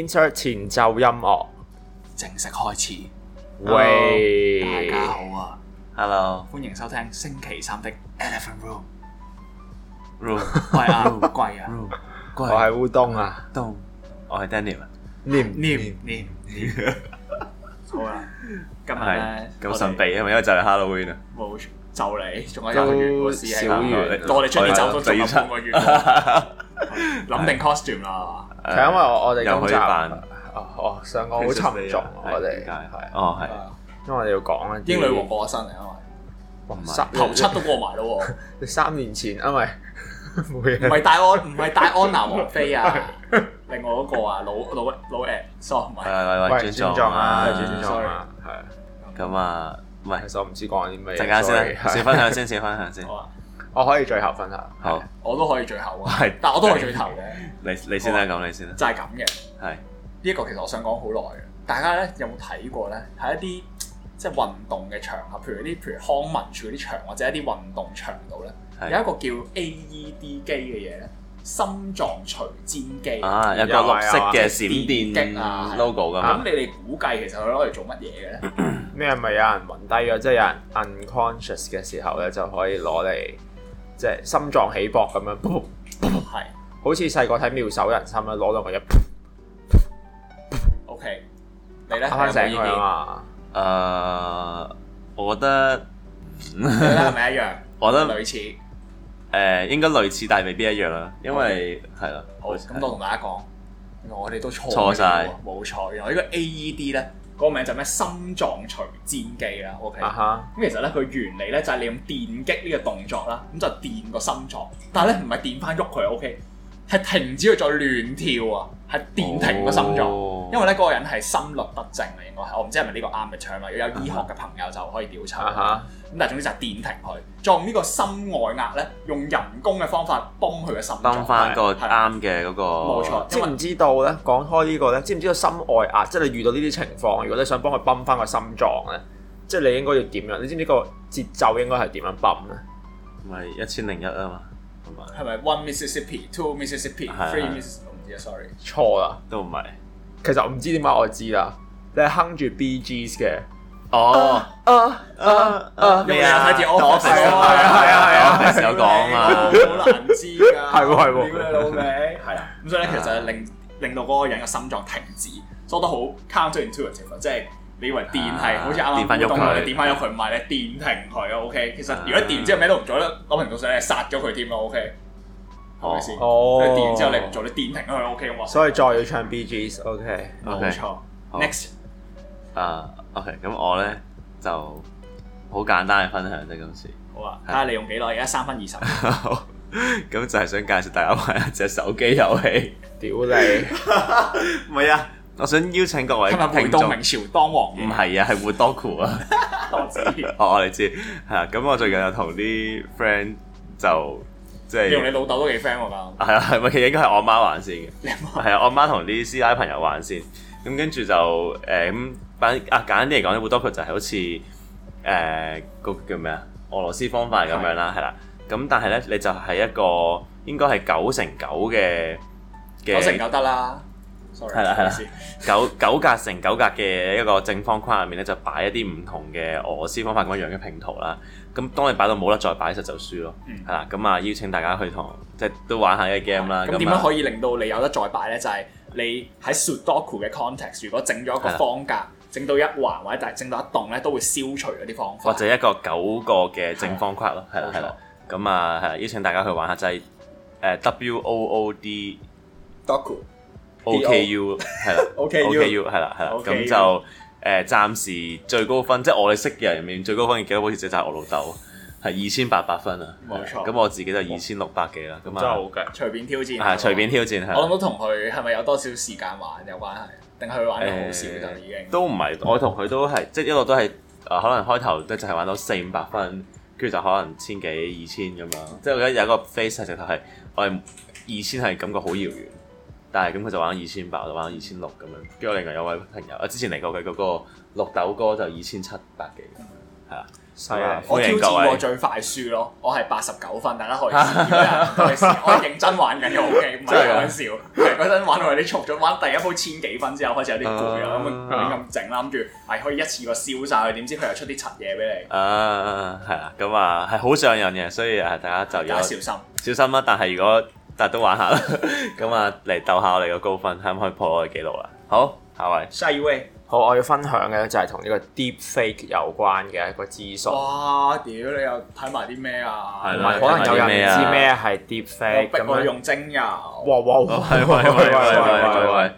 Insert 前奏音樂，正式開始。喂，大家好啊，Hello，歡迎收聽星期三的 Elephant Room。RoomGwei 啊，Gwei 啊，我係烏冬啊，冬，我係 Denim，Nim，Nim，Nim。好啦，今日咧咁神秘係咪？因為就係 Halloween 啊，就嚟仲有一個月，少月，我哋出面走都仲有半個月。諗定 costume 啦，係因為我我哋今集又可以扮哦上個好沉重，我哋係哦係，因為我哋要講英女王過身啊，因為頭七都過埋咯，三年前因為唔係戴安唔係戴安娜王妃啊，另外嗰個啊老老老誒，sorry，轉轉狀啊，轉轉狀啊，係咁啊，唔係我唔知講啲咩，靜下先，小分享先，小分享先。我可以最後分享，好，我都可以最後，係，但我都可以最後嘅。你你先啦，咁你先啦。就係咁嘅。係。呢一個其實我想講好耐嘅，大家咧有冇睇過咧？喺一啲即係運動嘅場合，譬如啲譬如康文處啲場，或者一啲運動場度咧，有一個叫 AED 機嘅嘢咧，心臟除顫機。啊，一個綠色嘅閃電 logo 咁。咁你哋估計其實佢攞嚟做乜嘢嘅咧？咩？係咪有人暈低咗，即係有人 unconscious 嘅時候咧，就可以攞嚟。即係心臟起搏咁樣，係，是好似細個睇妙手仁心咁樣，攞兩個嘢。O、okay. K，你咧？翻醒佢啊嘛？誒、呃，我覺得，你係咪一樣？我覺，我覺得類似、呃，誒應該類似，但係未必一樣啦。因為係啦，嗯、好，咁我同大家講，嗯、我哋都錯晒，冇錯嘅了。我呢、呢個 A E D 咧。個名就咩心臟除顫機啦，OK？咁、uh huh. 其實咧，佢原理咧就係你用電擊呢個動作啦，咁就電個心臟，但係咧唔係電翻喐佢，OK？係停止佢再亂跳啊，係電停個心臟。Oh. 因為咧嗰個人係心律不正啊，應該係我唔知係咪呢個啱嘅 term 啊！如果有醫學嘅朋友就可以調查。咁、uh huh. 但係總之就電停佢，再用呢個心外壓咧，用人工嘅方法泵佢嘅心。泵翻個啱嘅嗰個。冇嗎錯。知唔知道咧？講開個呢個咧，知唔知道心外壓？即係你遇到呢啲情況，如果你想幫佢泵翻個心臟咧，即係你應該要點樣？你知唔知個節奏應該係點樣泵咧？咪一千零一啊嘛，係咪？係咪 One Mississippi, Two Mississippi, 的 Three Mississippi？我唔知啊，sorry 錯了。錯啦，都唔係。其實我唔知點解我知啦，你係哼住 BGS 嘅。哦，啊啊啊咩啊？係啊係啊係啊！我哋成日講啊，好難知㗎。係喎係喎，屌你老味！係啦，咁所以咧，其實令令到嗰個人嘅心臟停止，所以都好 counter-intuitive 嘅情況，即係你以為電係好似啱啱好，電翻入佢，電翻入佢唔係你電停佢咯。OK，其實如果電之後咩都唔做咧，攞瓶毒水咧殺咗佢添咯。OK。係咪、oh. 電完之後你唔做，你做電停咗佢 O K 嘛？所以再要唱 B G S，O K，O、okay, okay. K。冇錯，Next、uh, okay。誒，O K，咁我咧就好簡單嘅分享啫，今次。好啊！睇下你用幾耐？而家三分二十。咁就係想介紹大家玩一隻手機遊戲。屌你！唔係啊！我想邀請各位聽眾到明朝當王。唔係啊，係 Woodoku 啊！ 我知，我我你知，係啊！咁我最近又同啲 friend 就。即係、就是、你同你老豆都幾 friend 㗎？係啊係，其實應該係我媽玩先嘅。係 啊，我媽同啲師奶朋友玩先，咁跟住就誒咁簡啊簡單啲嚟講咧，好多佢就係好似誒個叫咩啊俄羅斯方塊咁樣啦，係啦是。咁、啊、但係咧，你就係一個應該係九成九嘅嘅九成九得啦。Sorry, 係啦，係啦，九九格乘九格嘅一個正方框入面咧，就擺一啲唔同嘅俄羅斯方塊咁樣樣嘅拼圖啦。咁當你擺到冇得再擺時就輸咯。嗯，係啦。咁啊，邀請大家去同即係都玩下呢個 game 啦。咁點樣可以令到你有得再擺咧？就係你喺 Sudoku 嘅 context，如果整咗一個方格，整到一橫或者整到一棟咧，都會消除嗰啲方塊，或者一個九個嘅正方框咯，係啦，係啦。咁啊，邀請大家去玩下，就係誒 W O O D Doku O.K.U. 係啦，O.K.U. 係啦，係啦，咁就誒暫時最高分，即係我哋識嘅人入面最高分幾多？好似持者就係我老豆，係二千八百分啊，冇錯。咁我自己就二千六百幾啦，咁啊真係好勁，隨便挑戰係隨便挑戰。我諗都同佢係咪有多少時間玩有關係，定係佢玩得好少就已經？都唔係，我同佢都係，即係一路都係，可能開頭都就係玩到四五百分，跟住就可能千幾二千咁樣。即係我而家有一個 face 係直頭係，我哋二千係感覺好遙遠。但係咁佢就玩到二千八，就玩到二千六咁樣。跟住我另外有位朋友，我之前嚟過佢嗰個綠豆哥就二千七百幾，係啊。我挑戰過最快輸咯， 我係八十九分。大家可以試，試。試試 我係認真玩緊嘅，唔係講緊笑。嗰陣玩到你啲嘈咗，玩，玩第一鋪千幾分之後開始有啲攰啊，諗住咁整啦，諗住係可以一次過消晒佢。點知佢又出啲柒嘢俾你。Uh，啊，係啊，咁、嗯、啊係好上癮嘅，所以誒大家就要小心啦。但係如果但都玩下啦，咁啊嚟鬥下我哋個高分，可唔可以破我嘅記錄啊？好，下位。Side way，好，我要分享嘅就係同呢個 deep fake 有關嘅一個資訊。哇！屌你又睇埋啲咩啊？係可能有人唔知咩係 deep fake 咁樣。我用精油。哇哇！係係係係係係。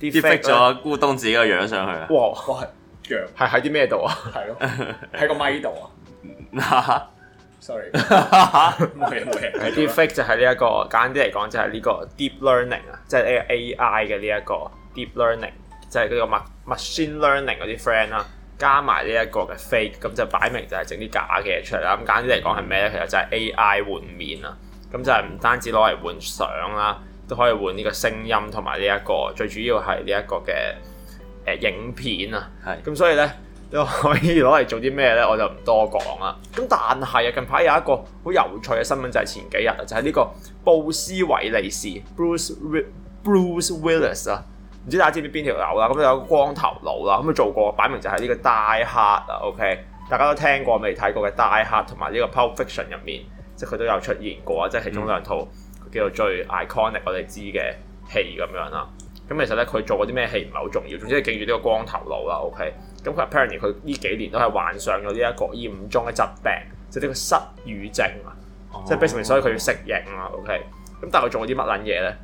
deep fake 咗烏冬自己個樣上去。哇哇！樣係喺啲咩度啊？係咯，喺個咪度啊。sorry，唔係唔係 deep fake 就係呢一個簡單啲嚟講就係呢個 deep learning 啊，即係呢個 AI 嘅呢一個 deep learning，即係呢個 machine learning 嗰啲 friend 啦，加埋呢一個嘅 fake，咁就擺明就係整啲假嘅出嚟啦。咁簡單啲嚟講係咩咧？嗯、其實就係 AI 換面啊，咁就係唔單止攞嚟換相啦，都可以換呢個聲音同埋呢一個最主要係呢一個嘅誒、呃、影片啊。係是，咁所以咧。又可以攞嚟做啲咩咧？我就唔多講啦。咁但係啊，近排有一個好有趣嘅新聞就係、是、前幾日就係、是、呢個布斯維利士 Bruce Bruce Willis 啦，唔知大家知唔知邊條友啦？咁有個光頭佬啦，咁佢做過擺明就係呢、這個《Die Hard》啊。OK，大家都聽過未睇過嘅《Die Hard》同埋呢個《Pulp Fiction》入面，即係佢都有出現過啊。即係其中兩套叫做最 iconic 我哋知嘅戲咁樣啦。咁其實咧，佢做過啲咩戲唔係好重要，總之係記住呢個光頭佬啦。OK。咁佢 apparently 佢呢幾年都係患上咗呢一個嚴重嘅疾病，就呢個失語症啊，oh. 即係 basically，所以佢要適應啊。OK，咁但係佢做咗啲乜撚嘢咧？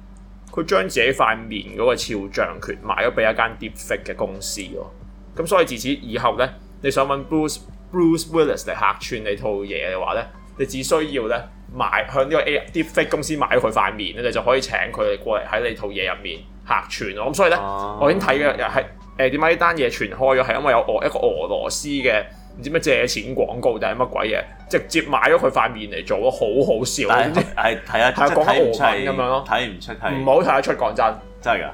佢將自己塊面嗰個肖像權賣咗俾一間 deepfake 嘅公司喎。咁所以自此以後咧，你想揾 Bruce Bruce Willis 嚟客串你套嘢嘅話咧，你只需要咧買向呢個 A deepfake 公司買佢塊面咧，你就可以請佢哋過嚟喺你套嘢入面客串。咁所以咧，oh. 我已經睇嘅係。誒點解呢單嘢傳開咗？係因為有俄一個俄羅斯嘅唔知咩借錢廣告定係乜鬼嘢，直接買咗佢塊面嚟做咯，好好笑。係係睇得出，係講緊俄文咁樣咯。睇唔出係唔好睇得出，講真。真係㗎。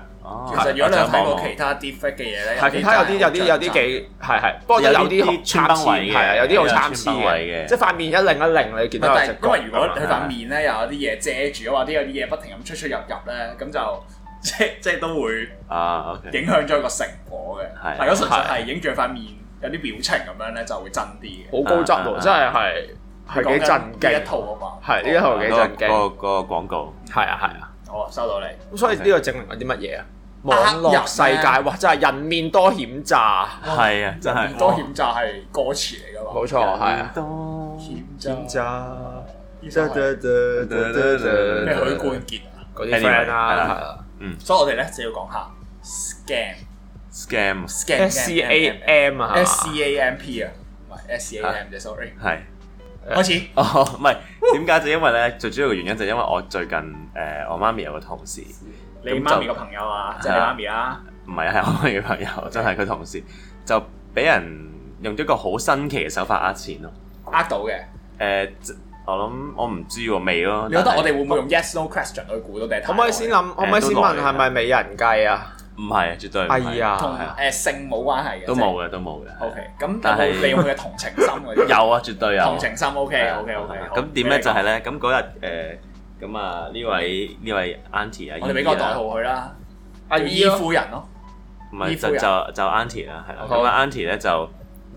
其實如果你睇過其他啲嘅嘢咧，其他有啲有啲有啲幾係係，不過有啲好參差嘅，有啲好參差嘅。即係塊面一零一零，你見到。咁因為如果佢塊面咧又有啲嘢遮住，或者有啲嘢不停咁出出入入咧，咁就。即即都會啊，影響咗一個成果嘅。係如果純粹係影住塊面，有啲表情咁樣咧，就會震啲。好高質喎，真係係係幾震驚一套啊嘛。係呢一套幾震驚個個廣告。係啊係啊。好啊，收到你。咁所以呢個證明緊啲乜嘢啊？網絡世界哇，真係人面多險詐。係啊，真係。多險詐係歌詞嚟噶嘛？冇錯，係。多險詐。咩？許冠傑啊！啲係啊。嗯，所以我哋咧就要講下 scam，scam，scam S C A M 啊，S C A M P 啊，唔係 S C A M 啫，sorry。係開始哦，唔係點解就因為咧，最主要嘅原因就因為我最近誒我媽咪有個同事，你媽咪嘅朋友啊，即係你媽咪啊，唔係，係我媽咪嘅朋友，真係佢同事就俾人用咗一個好新奇嘅手法呃錢咯，呃到嘅誒。我諗我唔知喎，未咯。你覺得我哋會唔會用 yes no question 去估到定係？可唔可以先諗？可唔可以先問係咪美人計啊？唔係，絕對唔係。同誒性冇關係嘅。都冇嘅，都冇嘅。O K，咁但係利用佢嘅同情心嗰啲。有啊，絕對有。同情心，O K，O K，O K。咁點咧就係咧，咁嗰日誒咁啊呢位呢位 Auntie 啊，我哋俾個代號佢啦，阿姨富人咯，唔係就就就 Auntie 啦，係啦，咁 Auntie 咧就。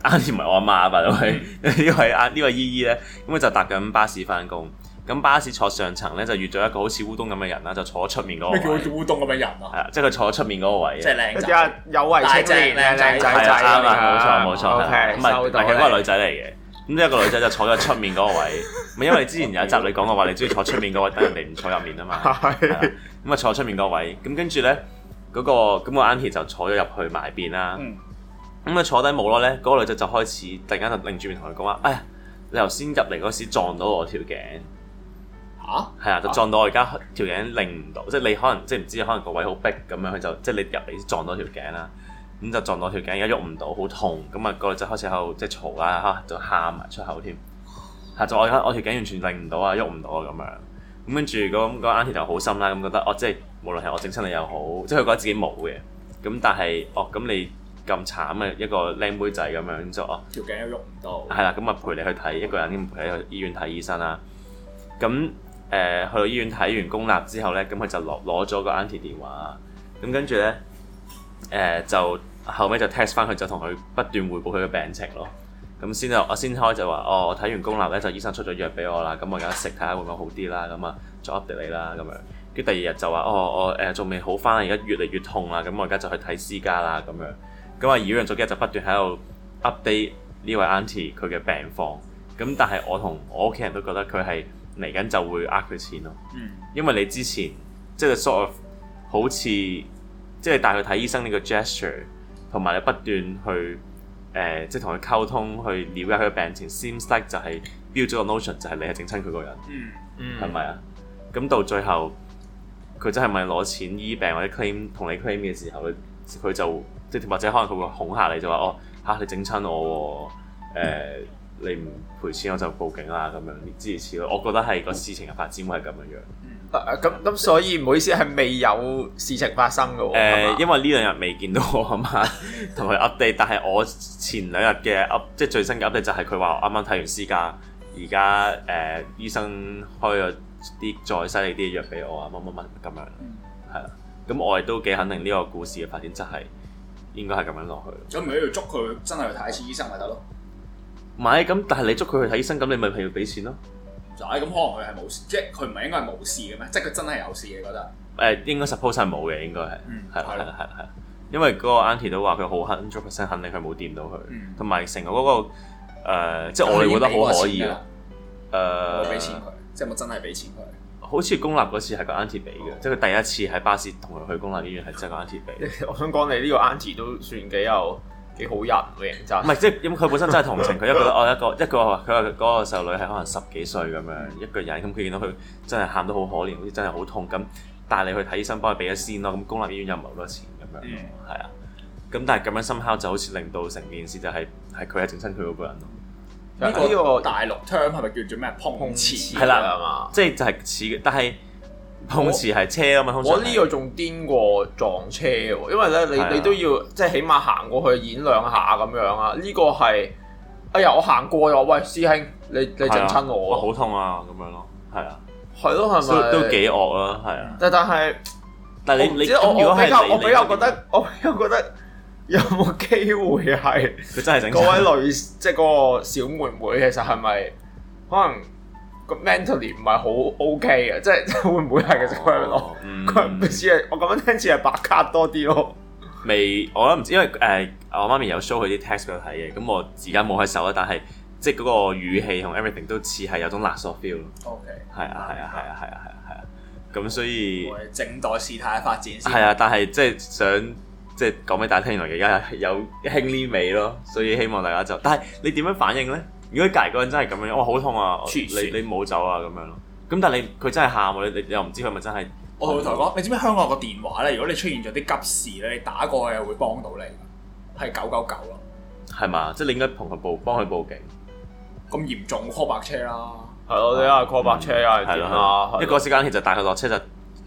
啱先唔係我阿媽，因為呢位呢位姨姨咧，咁佢就搭緊巴士翻工。咁巴士坐上層咧，就遇咗一個好似烏冬咁嘅人啦，就坐喺出面嗰個位。咩叫烏冬咁嘅人啊？係啊，即係佢坐喺出面嗰個位。即係靚。有為青年。靚靚仔仔。係啊，冇錯冇錯。O K。咁啊，其實嗰個女仔嚟嘅。咁呢個女仔就坐咗出面嗰個位。咪因為之前有一集你講過話，你中意坐出面嗰位等人哋唔坐入面啊嘛。係。咁啊，坐出面嗰位。咁跟住咧，嗰個咁個 aunty 就坐咗入去埋邊啦。咁啊，坐低冇咯咧，嗰、那個女仔就開始，突然間就擰住面同佢講話，哎，呀，你頭先入嚟嗰時撞到我條頸，吓、啊，係啊，就撞到我而家條頸擰唔到，即係你可能即係唔知，可能個位好逼咁樣，佢就即係你入嚟撞到條頸啦，咁就撞到條頸，而家喐唔到，好痛。咁、那個就是、啊，個女仔開始喺度即係嘈啦，吓，就喊埋出口添，係就我我條頸完全擰唔到啊，喐唔到啊，咁樣。咁跟住，咁、那個 auntie 就好深啦，咁覺得，哦，即係無論係我整親你又好，即係佢覺得自己冇嘅。咁但係，哦，咁你。咁慘嘅一個靚妹仔咁樣，然之後條頸又喐唔到，係啦，咁啊陪你去睇一個人咁，陪你去醫院睇醫生啦。咁誒、呃、去到醫院睇完公立之後呢，咁佢就攞攞咗個 auntie 電話，咁跟住呢，誒就後尾就 text 翻佢，就同佢不斷彙報佢嘅病情咯。咁先我先開就話哦，我睇完公立呢，就醫生出咗藥俾我啦，咁我而家食睇下會唔會好啲啦。咁啊再 update 你啦咁樣。跟第二日就話哦，我仲未、呃、好翻，而家越嚟越痛啊，咁我而家就去睇私家啦咁樣。咁啊，擾攘咗幾日就不斷喺度 update 呢位 Auntie 佢嘅病況。咁但係我同我屋企人都覺得佢係嚟緊就會呃佢錢咯。嗯。因為你之前即係 sort of 好似即係帶佢睇醫生呢個 gesture，同埋你不斷去誒、呃、即係同佢溝通去了解佢嘅病情，seems like 就係、是、build 咗個 notion 就係你係整親佢個人，嗯。嗯。係咪啊？咁到最後佢真係咪攞錢醫病或者 claim 同你 claim 嘅時候，佢就？或者可能佢會恐嚇你，就話、是、哦嚇、啊、你整親我，誒、呃、你唔賠錢我就報警啦，咁樣之類。我覺得係個事情嘅發展會係咁樣樣。咁咁、啊，所以唔、嗯、好意思係未有事情發生嘅、哦。誒、呃，因為呢兩日未見到我阿媽同佢 update，但係我前兩日嘅 up 即係最新嘅 update 就係佢話啱啱睇完私家，而家誒醫生開咗啲再犀利啲嘅藥俾我啊，乜乜乜咁樣。係啦，咁我哋都幾肯定呢個故事嘅發展就係。應該係咁樣落去。咁唔係度捉佢，真係去睇一次醫生咪得咯？唔係，咁但係你捉佢去睇醫生，咁你咪係要俾錢咯？就係咁，可能佢係冇事，即係佢唔係應該係冇事嘅咩？即係佢真係有事嘅覺得。誒，應該 suppose 係冇嘅，應該係。嗯，係啦吧，係係吧因為嗰個 Aunty 都話佢好肯，百分之百肯定佢冇掂到佢。同埋成個嗰、那個、呃、即係我哋覺得好可以啦。誒。俾、呃、錢佢，即係冇真係俾錢佢。好似公立嗰次係個 uncle 俾嘅，嗯、即係佢第一次喺巴士同佢去公立醫院係真係個 uncle 俾。 我想講你呢個 uncle 都算幾有幾好人嘅，就唔係即係咁佢本身真係同情佢，因為得哦一個一個佢話嗰個細路女係可能十幾歲咁樣、嗯、一個人，咁佢見到佢真係喊到好可憐，好似真係好痛咁，帶你去睇醫生幫佢俾咗先咯。咁公立醫院又唔係好多錢咁樣，係啊、嗯。咁但係咁樣深刻就好似令到成件事就係係佢係整親佢嗰個人。呢個大陸 term 係咪叫做咩碰瓷？係啦，係嘛？即係就係似，但係碰瓷係車啊嘛。我呢個仲癲過撞車喎，因為咧你你都要即係起碼行過去演兩下咁樣啊。呢個係哎呀，我行過又喂師兄，你你整親我，好痛啊咁樣咯，係啊，係咯，都都幾惡啦，係啊。但但係，但你你如果係我比較覺得，我比較覺得。有冇機會係？佢真係整親嗰位女，即係嗰個小妹妹，其實係咪可能個 mentally 唔係好 OK 嘅？即係會唔會係其實佢係咯？佢唔知係我咁樣聽似係白卡多啲咯？未，我唔知，因為誒我媽咪有 show 佢啲 text 俾我睇嘅，咁我而家冇喺手啦。但係即係嗰個語氣同 everything 都似係有種垃圾 feel 咯。OK，係啊，係啊，係啊，係啊，係啊，咁所以靜待事態發展先。係啊，但係即係想。即係講俾大家聽，原來而家有興呢味咯，所以希望大家就，但係你點樣反應咧？如果隔離個人真係咁樣，哇好痛啊！你你冇走啊咁樣咯。咁但係你佢真係喊喎，你你又唔知佢係咪真係？我同佢同佢講，痛你知唔知香港有個電話咧？如果你出現咗啲急事咧，你打過去又會幫到你，係九九九咯。係嘛？即係你應該同佢報幫佢報警。咁嚴重，call 白車啦。係咯，你一係 call 白車，一係點一個時間其實帶佢落車就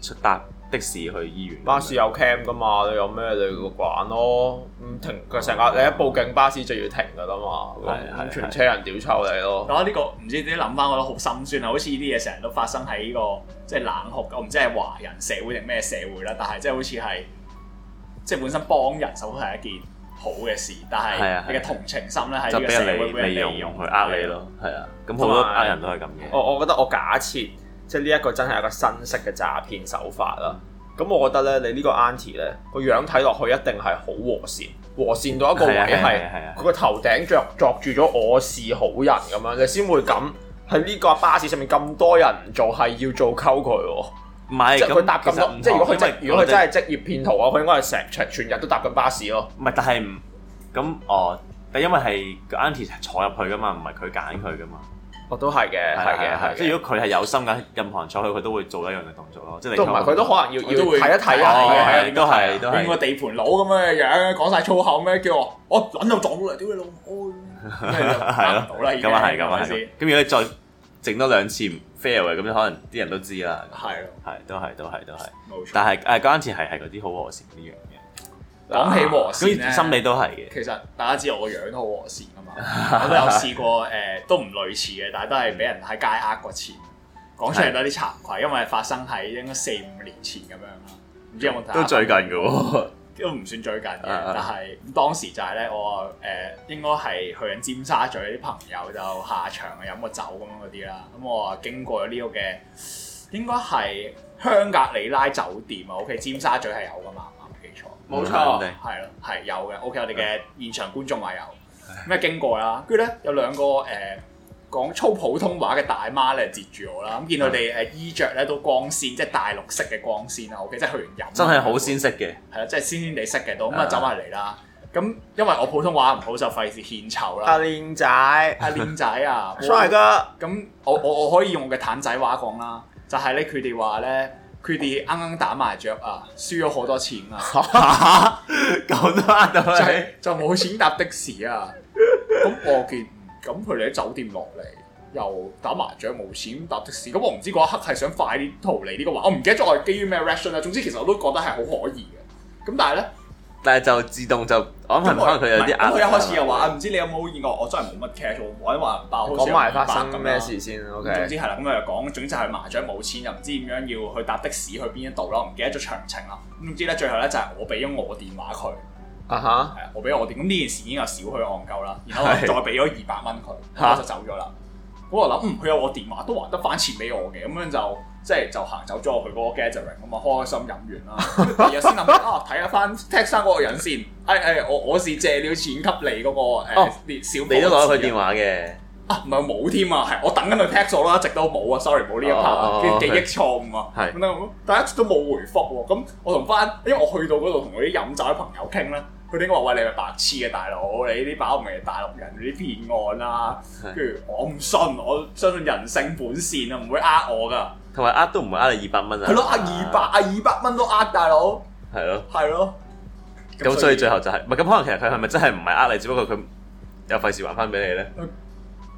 出搭。了了的士去醫院，巴士有 cam 噶嘛？你有咩你去管咯？唔停佢成日，你一報警，巴士就要停噶啦嘛，嗯、全車人屌臭你咯。我覺得呢個唔知點諗翻，我好心酸啊！好似呢啲嘢成日都發生喺呢、呢個即係冷酷，我唔知係華人社會定咩社會啦，但係即係好似係即係本身幫人，手都係一件好嘅事，但係你嘅同情心咧喺呢個社會俾人利用去呃你咯，係啊，咁好、嗯嗯、多呃人都係咁嘅。我我覺得我假設。即係呢一個真係一個新式嘅詐騙手法啦。咁、嗯、我覺得咧，你呢個 Auntie 咧個樣睇落去一定係好和善，和善到一個位係佢個頭頂着著住咗我是好人咁樣，你先會咁喺呢個巴士上面咁多人做係要做溝佢喎。唔係佢搭咁多，即係如果佢真係如果佢真係職業騙徒啊，佢應該係成場全日都搭緊巴士咯。唔係，但係咁哦，但因為係 Auntie 坐入去噶嘛，唔係佢揀佢噶嘛。我都係嘅，係嘅，係。即係如果佢係有心嘅，任何人坐去，佢都會做一樣嘅動作咯。即係你同埋，佢都可能要要睇一睇咯。哦，都係都係。變個地盤佬咁嘅樣，講曬粗口咩？叫我我撚就撞到啦！屌你老母！係咯，係咯，咁啊係，咁啊係。咁然後再整多兩次 fail 嘅咁樣，可能啲人都知啦。係，係，都係，都係，都係。冇錯。但係誒，嗰陣時係係嗰啲好和善呢樣嘢。講起和善咧，其實心理都係嘅。其實大家知道我個樣都好和善噶嘛， 我都有試過誒、呃，都唔類似嘅，但係都係俾人喺街呃過錢，講出嚟都有啲慚愧，因為發生喺應該四五年前咁樣啦，唔知有冇睇都最近嘅喎、哦，都唔算最近嘅。但係當時就係、是、咧，我誒、呃、應該係去緊尖沙咀啲朋友就下場飲個酒咁樣嗰啲啦。咁我話經過呢個嘅，應該係香格里拉酒店啊，OK，尖沙咀係有噶嘛。冇錯，係咯，係有嘅。OK，我哋嘅現場觀眾話有咩經過啦？跟住咧有兩個誒講粗普通話嘅大媽咧截住我啦。咁見佢哋誒衣着咧都光鮮，即係大陸式嘅光鮮啦。OK，即係去完飲，真係好鮮色嘅。係啦，即係鮮鮮地色嘅都咁啊，走埋嚟啦。咁因為我普通話唔好，就費事獻醜啦。阿靚仔，阿靚仔啊，帥哥。咁我我我可以用嘅坦仔話講啦，就係咧，佢哋話咧。佢哋啱啱打麻雀啊，輸咗好多錢啊，咁啊就就冇錢搭的士啊，咁 我見，咁佢哋喺酒店落嚟，又打麻雀冇錢搭的士，咁我唔知嗰一刻係想快啲逃離呢個話，我唔記得咗我係基於咩 reason 啊。總之其實我都覺得係好可疑嘅，咁但係咧。但係就自動就，我諗係可能佢有啲是壓力。佢一開始又話，唔、嗯、知你有冇見過？我真係冇乜 catch 喎，我一話包少少。講埋發生咩事先 o、okay。總之係啦，咁佢又講總之係麻雀冇錢，又唔知點樣要去搭的士去邊一度啦，唔記得咗詳情啦。咁總之咧，最後咧就係我俾咗我電話佢。啊哈、uh！係、huh。啊，我俾我電。咁呢件事已經有少許戇鳩啦。然後我再俾咗二百蚊佢，佢就走咗啦。我話諗，佢有我電話，都還得翻錢俾我嘅。咁樣就～即係就行走咗佢嗰個 gathering 啊嘛，開心飲完啦，而家先諗啊，睇下翻 text 翻嗰個人先。係、哎、係、哎，我我是借了錢給你嗰、那個、哦呃、小夥你都攞咗佢電話嘅。啊，唔係冇添啊，係我等緊佢 text 咗啦，一直都冇啊，sorry 冇呢一 part，、哦、記，記，記憶錯誤啊。係點但一直都冇回覆喎、啊。咁我同翻，因為我去到嗰度同嗰啲飲酒嘅朋友傾啦，佢哋應該話：喂，你係白痴嘅、啊、大佬，你呢把唔係大陸人嗰啲騙案啦、啊。係是。跟住我唔信，我相信人性本善啊，唔會呃我㗎。同埋呃都唔會呃你二百蚊啊！係咯，呃二百啊，二百蚊都呃大佬。係咯。係咯。咁所以最後就係，唔咁可能其實佢係咪真係唔係呃你，只不過佢有費事還翻俾你咧？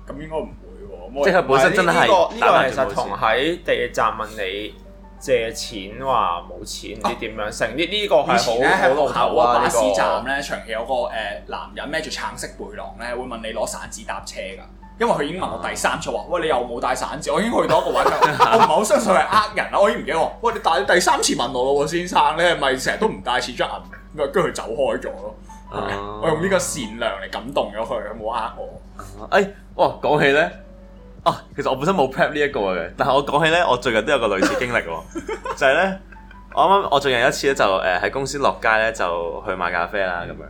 咁應該唔會喎。即係佢本身真係呢個其實同喺地鐵站問你借錢話冇錢唔知點樣，成呢呢個係。以前咧喺香港個巴士站咧，長期有個誒男人孭住橙色背囊咧，會問你攞散紙搭車㗎。因為佢已經問我第三次話，喂、啊、你又冇帶散紙，我已經去到一個位 我唔係好相信係呃人啦，我已經唔記得喂你帶第三次問我啦喎，先生你係咪成日都唔帶錢出銀？跟住佢走開咗咯。啊、我用呢個善良嚟感動咗佢，佢冇呃我。哎，哇講起咧，啊其實我本身冇 prep 呢一個嘅，但係我講起咧，我最近都有個類似經歷喎， 就係咧我啱啱我最近有一次咧就誒喺公司落街咧就去買咖啡啦咁樣。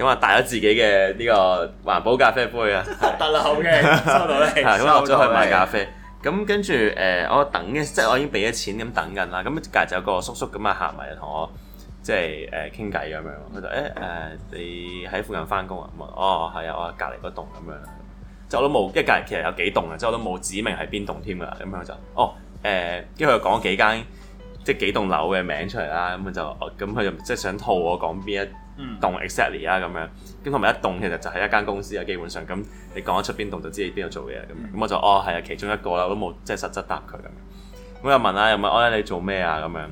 咁啊，帶咗自己嘅呢個環保咖啡杯啊，得啦，好嘅，收到咧。咁落咗去買咖啡，咁 跟住誒、呃，我等嘅，即係我已經俾咗錢咁等緊啦。咁隔日就有個叔叔咁行埋嚟，同我即係誒傾偈咁樣。佢就誒誒，你喺附近翻工啊？咁啊，哦係啊，我隔離嗰棟咁樣。即係我都冇，一隔籬其實有幾棟嘅，即係我都冇指明係邊棟添㗎。咁樣就哦誒，跟住佢講幾間，即係幾棟樓嘅名出嚟啦。咁就咁佢就即係想套我講邊一動 exactly 啊咁樣，咁佢咪一動其實就係一間公司啊，基本上咁你講得出邊動就知你邊度做嘢咁。咁、mm. 我就哦係啊，其中一個啦，我都冇即係實質答佢咁。咁又問啊，又問我咧，你做咩啊咁樣。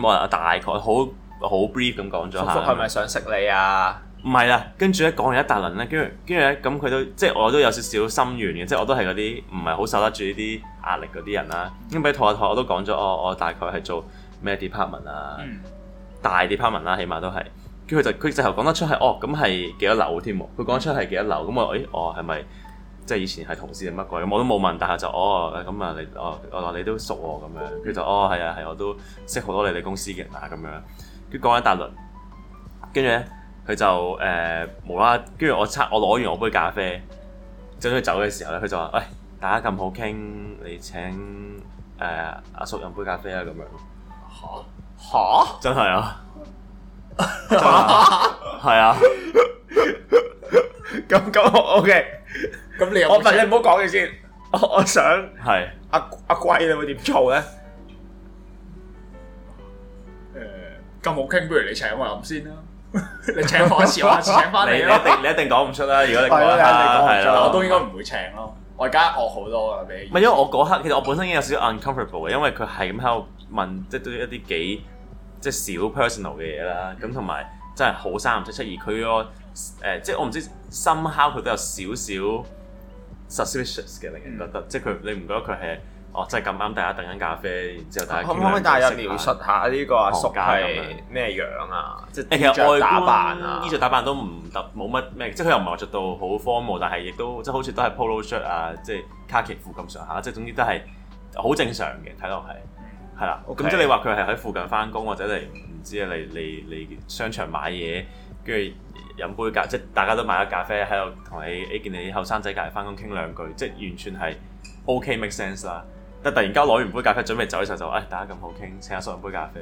咁我大概好好 brief 咁講咗下。佢係咪想識你啊？唔係啦，跟住咧講完一大輪咧，跟住跟住咧咁佢都即係我都有少少心軟嘅，即係我都係嗰啲唔係好受得住呢啲壓力嗰啲人啦。咁俾台台我都講咗，我我大概係做咩 department 啊，mm. 大 department 啦，起碼都係。.跟住佢就佢直頭講得出係哦咁係幾多樓添？佢講得出係幾多樓，咁我誒我係咪即係以前係同事定乜鬼？我都冇問，但係就哦咁啊你哦哦你都熟我咁樣，佢就哦係啊係、啊啊，我都識好多你哋公司嘅人啊。」咁樣。跟住講一笪輪，跟住咧佢就誒、呃、無啦，跟住我拆我攞完我杯咖啡準佢走嘅時候咧，佢就話喂，大家咁好傾，你請誒阿、呃、叔飲杯咖啡啊咁樣。吓吓真係啊！係啊，咁咁，OK，咁你我問你唔好講嘅先，我想係阿阿貴，你會點做咧？誒，咁好傾，不如你請我諗先啦。你請我一次，我下次請翻你。你一定你一定講唔出啦。如果你講啦，係啦，我都應該唔會請咯。我而家惡好多噶俾唔係因為我嗰刻其實我本身已經有少少 uncomfortable 嘅，因為佢係咁喺度問，即係都一啲幾。即係少 personal 嘅嘢啦，咁同埋真係好三唔識七，而佢個誒即係我唔知深刻，佢都有少少 suspicious 嘅，令人、嗯、覺得即係佢你唔覺得佢係哦即係咁啱大家等緊咖啡，然之後大家可唔、嗯、可以大家有描述下呢個阿叔咩樣啊？即係誒其實外觀衣着打、啊、打扮都唔得，冇乜咩，即係佢又唔係着到好 formal，但係亦都即係好似都係 polo shirt 啊，即係卡其褲咁上下，即係總之都係好正常嘅睇落係。係啦，咁 Okay. 即係你話佢係喺附近翻工或者你唔知啊嚟嚟嚟商場買嘢，跟住飲杯咖啡，即係大家都買咗咖啡喺度，同你 A、欸、見你後生仔隔籬翻工傾兩句，即係完全係 OK make sense 啦。但突然間攞完杯咖啡準備走嘅時候就，誒、哎，大家咁好傾，請阿叔飲杯咖啡。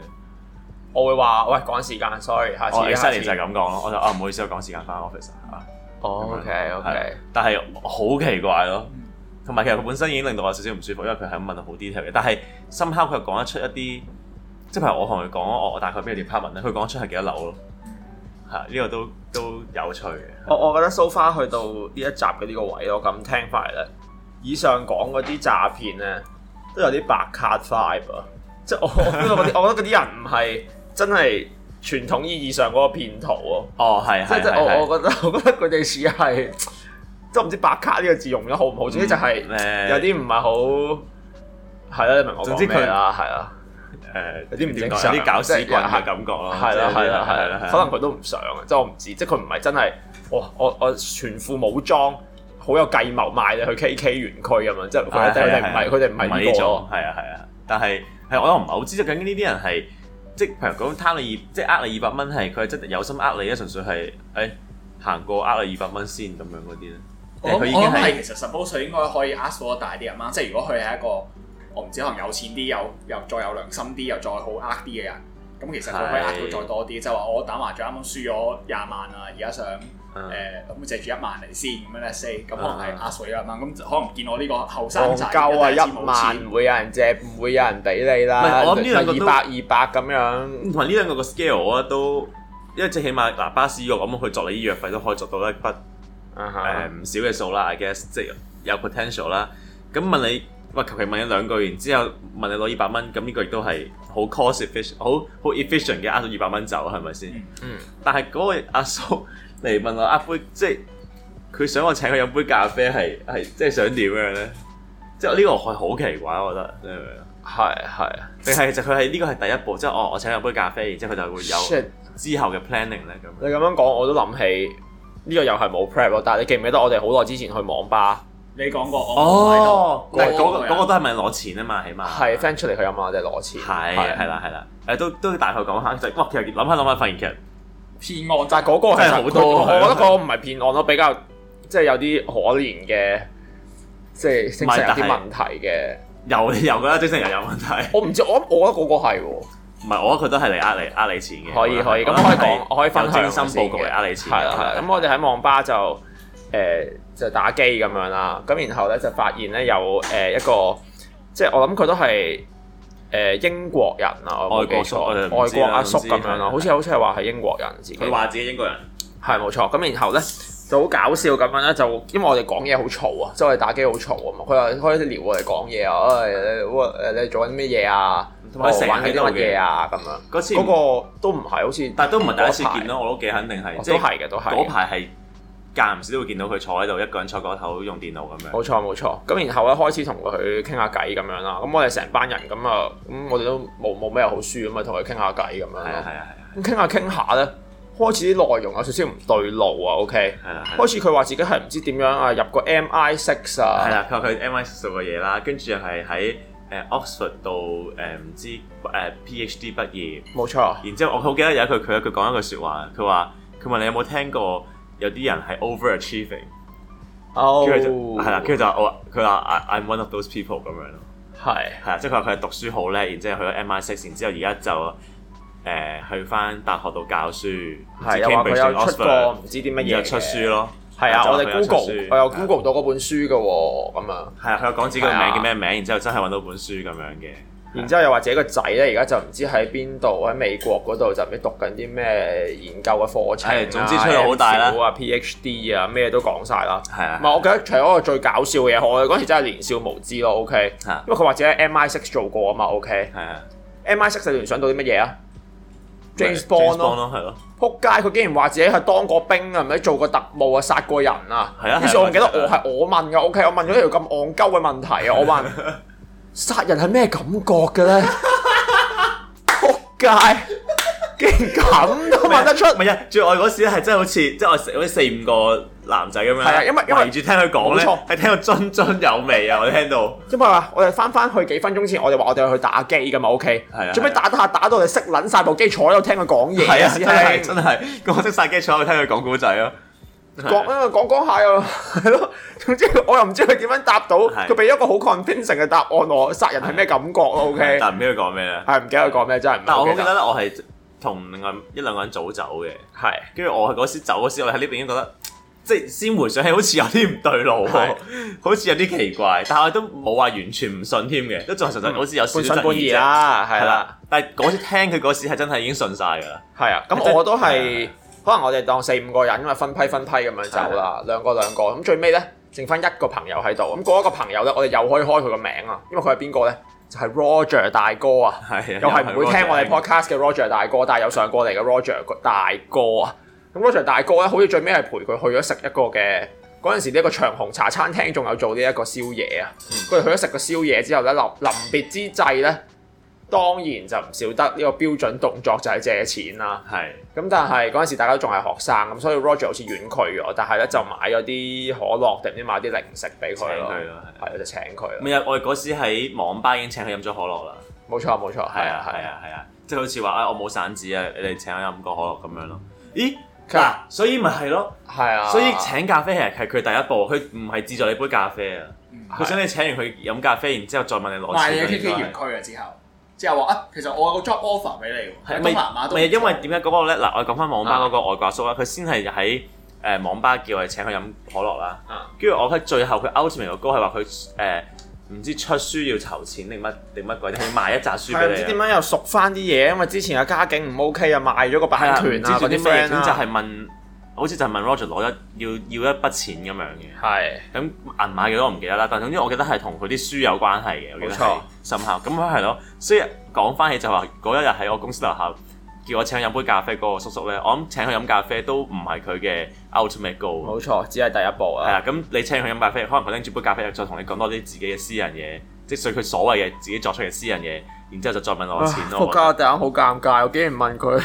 我會話喂，趕時間，sorry 下次。我三年就係咁講咯，我就啊哦、唔好意思，我趕時間翻 office 係咪？哦 OK OK，但係好奇怪咯。同埋其實佢本身已經令到我少少唔舒服，因為佢係咁問到好 detail 嘅。但係深刻佢又講得出一啲，即係我同佢講我大概邊條 part 咧，佢講出係幾多樓咯。係、這、呢個都都有趣嘅。我我覺得 so far 去到呢一集嘅呢個位，我咁聽翻嚟咧，以上講嗰啲詐騙咧，都有啲白卡 five 啊，即係我我覺得嗰啲， 人唔係真係傳統意義上嗰個騙徒啊。哦，係，即即係我我,我覺得，我覺得佢哋似係。即唔知白卡呢個字用咗好唔好？總之就係有啲唔係好係啦，你明我講咩啦？係啊，誒有啲唔正當，有啲搞屎棍嘅感覺咯。係啦，係啦，係啦，可能佢都唔想，啊！即係我唔知，即係佢唔係真係哇！我我全副武裝，好有計謀賣你去 KK 園區咁樣。即係佢哋唔係，佢哋唔係呢個。係啊，係啊。但係係我又唔係好知，就究竟呢啲人係即係譬如講攤你二，即係呃你二百蚊係佢係真係有心呃你啊，純粹係誒行過呃你二百蚊先咁樣嗰啲咧。我我係其實 suppose 應該，是應該可以呃到大啲啊嘛，嗯、即係如果佢係一個我唔知可能有錢啲，又又再有良心啲，又再好呃啲嘅人，咁其實佢可以呃到再多啲。是就話我打麻雀啱啱輸咗廿萬啊，而家想誒咁借住一萬嚟先咁樣。l 四，咁可能係呃水啦嘛，咁可能見我呢個後生仔，哦夠啊、一萬唔錢會有人借，唔會有人俾你啦。唔係呢兩個都二百二百咁樣。同埋呢兩個個 scale 啊都，因為即係起碼嗱巴士藥咁去作你醫藥費都可以作到一筆。誒唔少嘅數啦，I guess 即係有 potential 啦。咁問你，喂，求其問一兩句，然之後問你攞二百蚊，咁呢個亦都係好 cost efficient，好好 efficient 嘅，呃到二百蚊走係咪先？嗯，但係嗰個阿叔嚟問我阿灰，即係佢想我請佢飲杯咖啡係係即係想點樣咧？即係呢即、呢個我係好奇怪，我覺得。你明唔明？唔係係，定係其實佢係呢個係第一步，即係我我請飲杯咖啡，然之後佢就會有即係之後嘅 planning 咧。咁你咁樣講，我都諗起。呢個又係冇 prep 咯，但係你記唔記得我哋好耐之前去網吧。你講過哦，但係嗰個都係咪攞錢啊嘛，起碼係 friend 出嚟去啊嘛，即係攞錢。係係啦係啦，誒都都大概講下。哇，其實諗下諗下發現其實騙案，但係嗰個係好多。我覺得個唔係騙案，我比較即係有啲可憐嘅，即係精神有問題嘅。又又覺得精神又有問題？我唔知，我我覺得個個係喎。唔係，我覺得佢都係嚟呃你、呃你錢嘅。可以可以，咁我可以講，我可以分享啲事嘅。係啊係啊，咁我哋喺網吧就誒就打機咁樣啦，咁然後咧就發現咧有誒一個，即係我諗佢都係誒英國人啊，我冇記錯，外國阿叔咁樣咯，好似好似係話係英國人自己。佢話自己英國人，係冇錯。咁然後咧。就好搞笑咁樣咧，就因為我哋講嘢好嘈啊，即係我哋打機好嘈啊嘛。佢又開始撩我哋講嘢啊，誒你做緊啲咩嘢啊？同埋成日喺度嘅啊，咁樣嗰次嗰個都唔係，好似但都唔係第一次見到，我都幾肯定係，即係嗰排係間唔時都會見到佢坐喺度一個人坐過頭用電腦咁樣。冇錯冇錯。咁然後咧開始同佢傾下偈咁樣啦。咁我哋成班人咁啊，咁我哋都冇冇咩好輸咁啊，同佢傾下偈咁樣咯。係啊係啊係啊，咁傾下傾下咧，開始啲內容有少少唔對路啊，OK？係啊，開始佢話自己係唔知點樣啊，入個 MI six 啊，係啊，佢話佢 MI six 做過嘢啦，跟住又係喺誒 Oxford 度誒唔知誒、uh, PhD 畢業，冇錯。然之後我好記得有一句佢佢講一句説話，佢話佢問你有冇聽過有啲人係 over achieving，哦，係啦、oh.，跟住就話我佢話 I I'm one of those people 咁樣咯，係係啊，即係話佢讀書好叻，然之後去咗 MI six，然之後而家就。誒去翻大學度教書，又話佢有出過唔知啲乜嘢，又出書咯。係啊，我哋 Google，我有 Google 到嗰本書嘅喎，咁啊。係啊，佢講自己個名叫咩名，然之後真係揾到本書咁樣嘅。然之後又或者個仔咧，而家就唔知喺邊度喺美國嗰度就咩讀緊啲咩研究嘅課程啊，總之出到好大啊 P H D 啊，咩都講晒啦。係啊，唔係我記得除咗個最搞笑嘅嘢，我嗰時真係年少無知咯。O K，因為佢或者 MI6 做過啊嘛。O K，MI6，你聯想到啲乜嘢啊？James Bond 咯 James Bond,、啊，係咯，仆街！佢竟然話自己係當過兵啊，係咪做過特務啊，殺過人啊。係啊了，於是了，我唔記得我係我問嘅了，OK，我問咗一條咁戇鳩嘅問題啊，了我問殺人係咩感覺嘅咧？仆街， 竟然咁都問得出，唔係 啊,啊！最愛嗰時係真係好似，即係我食咗啲四五個。男仔咁樣，係啊，因為因為圍住聽佢講咧，係聽到津津有味啊！我聽到。因為話我哋翻翻去幾分鐘前，我哋話我哋去打機噶嘛，OK？係啊。做咩打下打到你哋熄撚晒部機坐喺度聽佢講嘢？係啊，真係真係，我熄晒機坐喺度聽佢講古仔咯。講啊，講講下又係咯。總之我又唔知佢點樣答到，佢俾一個好 convincing 嘅答案我。殺人係咩感覺咯？OK？但唔知佢講咩咧？係唔記得佢講咩真係。但我記得我係同另外一兩個人早走嘅，係。跟住我係嗰時走嗰時，我喺呢邊已經覺得。即係先回想起好、啊， 好似有啲唔對路，好似有啲奇怪，但係都冇話完全唔信添嘅，都仲係實在好似有點點半信半疑啦、啊。係啦。但係嗰時聽佢嗰時係真係已經信晒㗎啦。係啊，咁我都係，可能我哋當四五個人，因為分批分批咁樣走啦，的兩個兩個咁最尾咧，剩翻一個朋友喺度。咁、那、嗰、個、一個朋友咧，我哋又可以開佢個名啊，因為佢係邊個咧？就係、是、Roger 大哥啊，的又係唔會聽我哋 podcast 嘅 Roger 大哥，但係有上過嚟嘅 Roger 大哥啊。咁 Roger 大哥咧，好似最尾係陪佢去咗食一個嘅嗰陣時，呢一個長虹茶餐廳仲有做呢一個宵夜啊！佢哋、嗯、去咗食個宵夜之後咧，臨臨別之際咧，當然就唔少得呢、呢個標準動作就係借錢啦，係咁是。但係嗰陣時大家都仲係學生，咁所以 Roger 好似婉拒咗，但係咧就買咗啲可樂定唔知買啲零食俾佢，係咯，係咯，就請佢。唔係，我哋嗰時喺網吧已經請佢飲咗可樂啦，冇錯冇錯，係啊係啊係啊，即係好似話誒我冇散紙啊，你哋請我飲個可樂咁樣咯，咦？ 嗱，嗯、所以咪係咯，係啊，所以請咖啡其實係佢第一步，佢唔係自助你杯咖啡啊，佢想你請完佢飲咖啡，然之後再問你攞錢。唔係嘅 QQ 園區啊，之後之後話啊，其實我有個 job offer 俾你喎，唔係唔係，因為點解嗰個咧？嗱，我講翻網吧嗰個外掛叔啦，佢先係喺誒網吧叫我請佢飲可樂啦，跟住、嗯、我喺最後佢 o u 明個歌係話佢誒。呃唔知出書要籌錢定乜定乜鬼，起賣一扎書俾你，唔知點樣又贖翻啲嘢，因為之前嘅家境唔 OK 啊，賣咗個版權啊嗰啲咩啦。啊、就係問，好似就問 Roger 攞一要要一筆錢咁樣嘅。係的。咁銀碼幾多我唔記得啦，但總之我記得係同佢啲書有關係嘅。得錯。我深刻咁樣係咯，所以講翻起就話嗰一日喺我公司樓下。叫我請佢飲杯咖啡嗰個叔叔咧，我諗請佢飲咖啡都唔係佢嘅 ultimate goal。冇錯，只係第一步啊。係啊，咁你請佢飲咖啡，可能佢拎住杯咖啡，再同你講多啲自己嘅私人嘢，即係佢所謂嘅自己作出嘅私人嘢，然之後就再問我錢咯。伏、哎、呀加特啱好尷尬，我竟然問佢，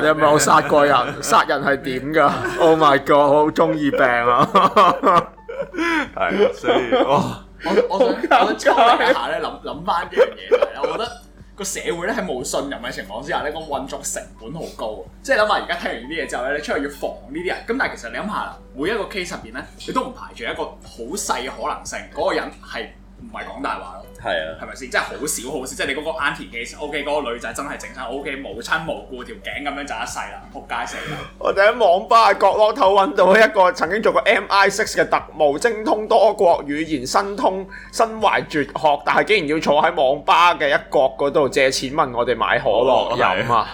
你有冇殺過人？ 殺人係點噶？Oh my god！ 我好中意病啊。係 啊，所以哇， 我我我今日下咧諗諗翻呢樣嘢我覺得。我個社會咧喺冇信任嘅情況之下咧，個運作成本好高。即係諗下，而家聽完呢啲嘢之後咧，你出嚟要防呢啲人。咁但係其實你諗下，每一個 case 入邊咧，你都唔排除一個好細嘅可能性，嗰、那個人係。唔係講大話咯，係啊，係咪先？真係好少好少，即係你嗰個 Auntie，O.K.、Okay, 嗰個女仔真係整親 O.K. 無親無故條頸咁樣就一世啦，仆街死啦！ 我哋喺網吧角落頭揾到一個曾經做過 MI6 嘅特務，精通多國語言，身通身懷絕學，但係竟然要坐喺網吧嘅一角嗰度借錢問我哋買可樂有嘛？係、oh, okay. 啊。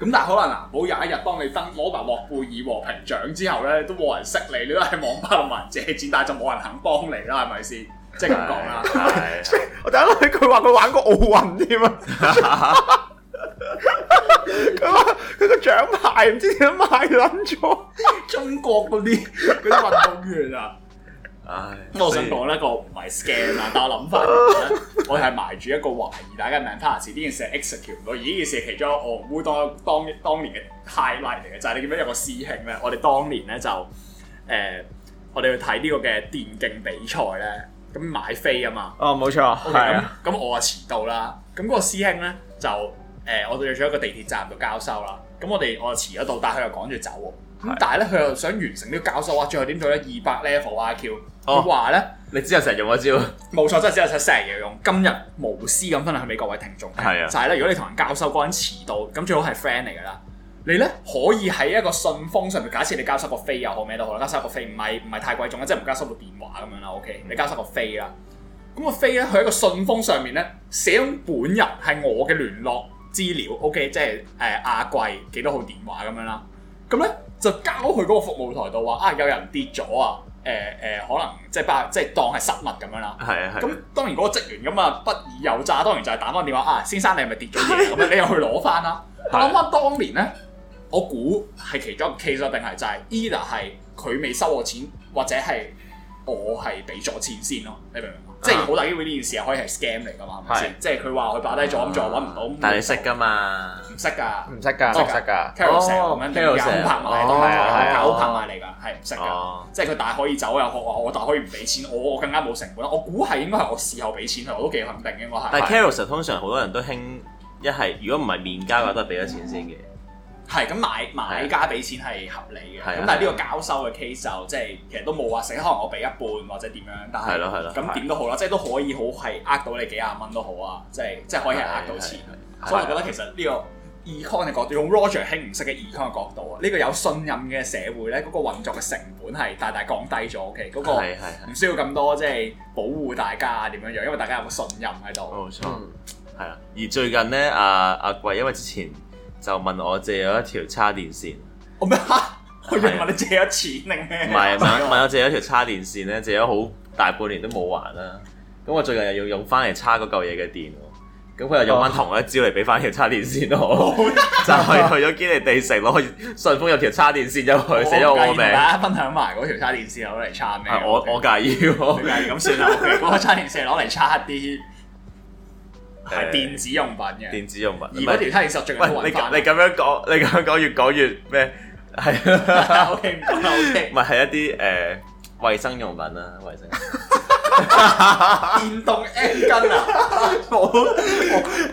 咁但係可能啊，冇有一日幫你登攞埋諾貝爾和平獎之後咧，都冇人識你。你都喺網吧度問借錢，但係就冇人肯幫你啦，係咪先？即係咁講，我第一佢話佢玩過奧運添啊！佢話佢個獎牌唔知點賣撚咗？中國嗰啲啲運動員啊，唉，不過我想講呢個唔係 scam 啊，但我諗翻咧，我係埋住一個懷疑，大家嘅名花有主呢件事係 execute 唔到。而呢件事係其中一個我烏當當當年嘅 highlight 嚟嘅，就係、是、你見到有個師兄咧，我哋當年咧就誒、呃，我哋去睇呢個嘅電競比賽咧。咁買飛啊嘛！哦，冇錯，係啊 Okay, 的。咁我啊遲到啦。咁嗰個師兄咧就誒、呃，我哋約咗一個地鐵站度交收啦。咁我哋我啊遲咗到，但係佢又趕住走喎。咁的但係咧，佢又想完成呢個交收啊！最後點做咧？二百 level IQ，佢話咧，哦、呢你只有成日用一招，冇錯，真係只有成日用。 今日無私咁分享去俾各位聽眾，係啊的，就係咧。如果你同人交收嗰陣遲到，咁最好係 friend 嚟㗎啦。你咧可以喺一個信封上面，假設你交收個飛又好咩都好啦，交收個飛唔係唔係太貴重啦，即係唔交收個電話咁樣啦。OK，你交收個飛啦。咁個飛咧，佢喺個信封上面咧寫咗本人係我嘅聯絡資料。OK，即係誒阿貴幾多號電話咁樣啦。咁咧就交去嗰個服務台度話啊，有人跌咗啊。誒、呃、誒、呃，可能即係即係當係失物咁樣啦。係咁當然嗰個職員咁啊不以有詐，當然就係打翻電話啊，先生你係咪跌咗嘢？咁啊的你又去攞翻啦。諗翻的當年咧。我估係其中一個 case 咯，定係就係 either 係佢未收我錢，或者係我係俾咗錢先咯，你明唔明？即係好大機會呢件事可以係 scam 嚟噶嘛？係咪，即係佢話佢擺低咗，咁就揾唔到。但係你識噶嘛？唔識噶，唔識噶，唔識噶。Carol 成咁樣點解好拍埋都係啊，好拍埋嚟㗎，係唔識㗎。即係佢大可以走呀，我我大可以唔俾錢，我我更加冇成本。我估係應該係我事後俾錢佢，我都幾肯定嘅。我係。但係 Carol 通常好多人都興一係，如果唔係面交嘅話，都係俾咗錢先嘅。係咁買買家俾錢係合理嘅，咁、啊、但係呢個交收嘅 case 就即係其實都冇話死，可能我俾一半或者點樣，但係咁點都好啦，即係、啊、都可以好係呃到你幾廿蚊都好啊，即係即係可以係呃到錢，啊啊、所以我覺得其實呢、呢個 econ 嘅角度，用 Roger 兄唔識嘅 econ 嘅角度，呢、呢個有信任嘅社會咧，嗰、嗰個運作嘅成本係大大降低咗，OK，嗰個唔需要咁多即係保護大家點樣樣，因為大家有個信任喺度，冇錯，係啊。而最近咧，阿阿貴因為之前，就問我借咗一條叉電線，我咩、哦？佢係是問你借咗錢定咩？唔係是 問我借咗條叉電線咧，借咗好大半年都冇還啦。咁我最近又要用翻嚟叉嗰嚿嘢嘅電喎，咁佢又用翻同一招嚟俾翻條叉電線、哦、我，我，就去咗堅尼地城攞去，順豐有條叉電線入去，寫咗我名。分享埋嗰條叉電線攞嚟叉咩？我我，我介意喎，咁算啦，我、okay, 個叉電線攞嚟叉啲。係電子用品嘅，電子用品。而家條拖鞋實最近是好混喂，你咁樣講，你咁樣講越講越咩？係。O K，唔係 O K。唔係係一啲誒、呃、衛生用品啦，衛生。電動 N 根啊！冇，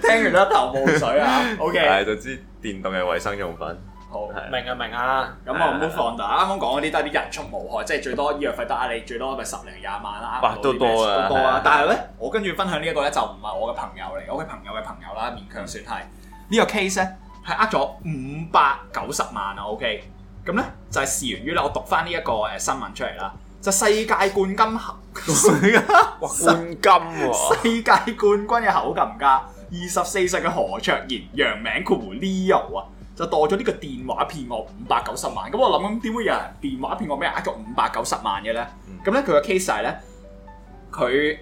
聽完一頭霧水啊。O K，係就知電動嘅衛生用品。好的明啊明啊，咁我唔好放大，啱啱講嗰啲都係啲人畜無害，即、就、係、是、最多醫藥費得你最多咪十零廿萬啦。哇，都多啊，都多啊！但係咧，我跟住分享呢一個咧就唔係我嘅朋友嚟，我嘅朋友嘅朋友啦，勉強算係呢個 case 咧，係呃咗五百九十萬啊！OK，咁咧就係、是、事緣於咧，我讀翻呢一個誒新聞出嚟啦，就是世，界 啊、世界冠軍，冠軍，世界冠軍嘅口琴家，二十四歲嘅何卓彥，洋名括弧 Leo 啊。就墮咗呢個電話騙我五百九十萬，咁我諗咁點會有人電話騙我俾人、嗯、呃咗五百九十萬嘅咧？咁咧佢個 case 咧，佢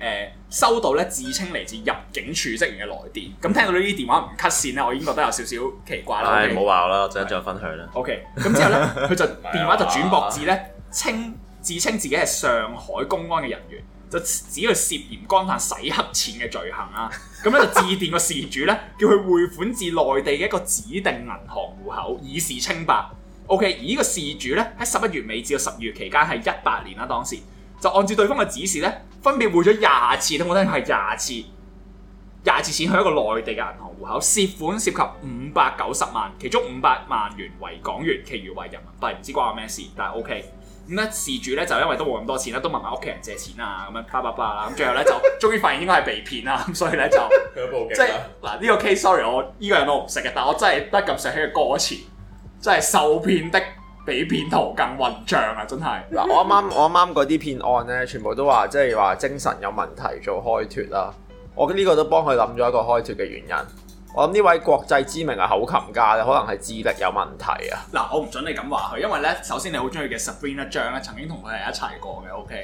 誒收到咧自稱嚟自入境處職員嘅來電，咁、嗯、聽到呢啲電話唔 cut 線咧，我已經覺得有少少奇怪啦。唔好話我啦，我陣間再分享啦。OK，咁、 okay? 之後咧，佢就 電話就轉駁至咧，稱 自稱自己係上海公安嘅人員。就指佢涉嫌干犯洗黑錢嘅罪行啦、啊，咁咧 就致電個事主咧，叫佢匯款至內地嘅一個指定銀行戶口以示清白。O、okay, K. 而呢個事主咧喺十一月尾至到十二月期間係一八年啦，當時就按照對方嘅指示咧，分別匯咗廿次，我覺得係廿次，廿次錢去一個內地嘅銀行戶口，涉款涉及五百九十萬，其中五百萬元為港元，其餘為人民幣，唔知關我咩事，但係 O K. 咁咧，事主咧就因為都冇咁多錢啦，都問埋屋企人借錢啊，咁樣叭叭叭啦，咁最後咧就終於發現應該係被騙 啦，咁所以咧就報警，即係嗱呢個 case，sorry 我呢、這個人我唔識嘅，但我真係得咁熟悉嘅歌詞，真係受騙的比騙徒更混賬啊！真係嗱， 我啱啱我啱啱嗰啲騙案咧，全部都話即係話精神有問題做開脫啦，我呢個都幫佢諗咗一個開脫嘅原因。我諗呢位國際知名嘅口琴家咧，可能係智力有問題啊！嗱，我唔准你咁話佢，因為咧，首先你好中意嘅 Sabrina 張咧，曾經同佢哋一齊過嘅 OK，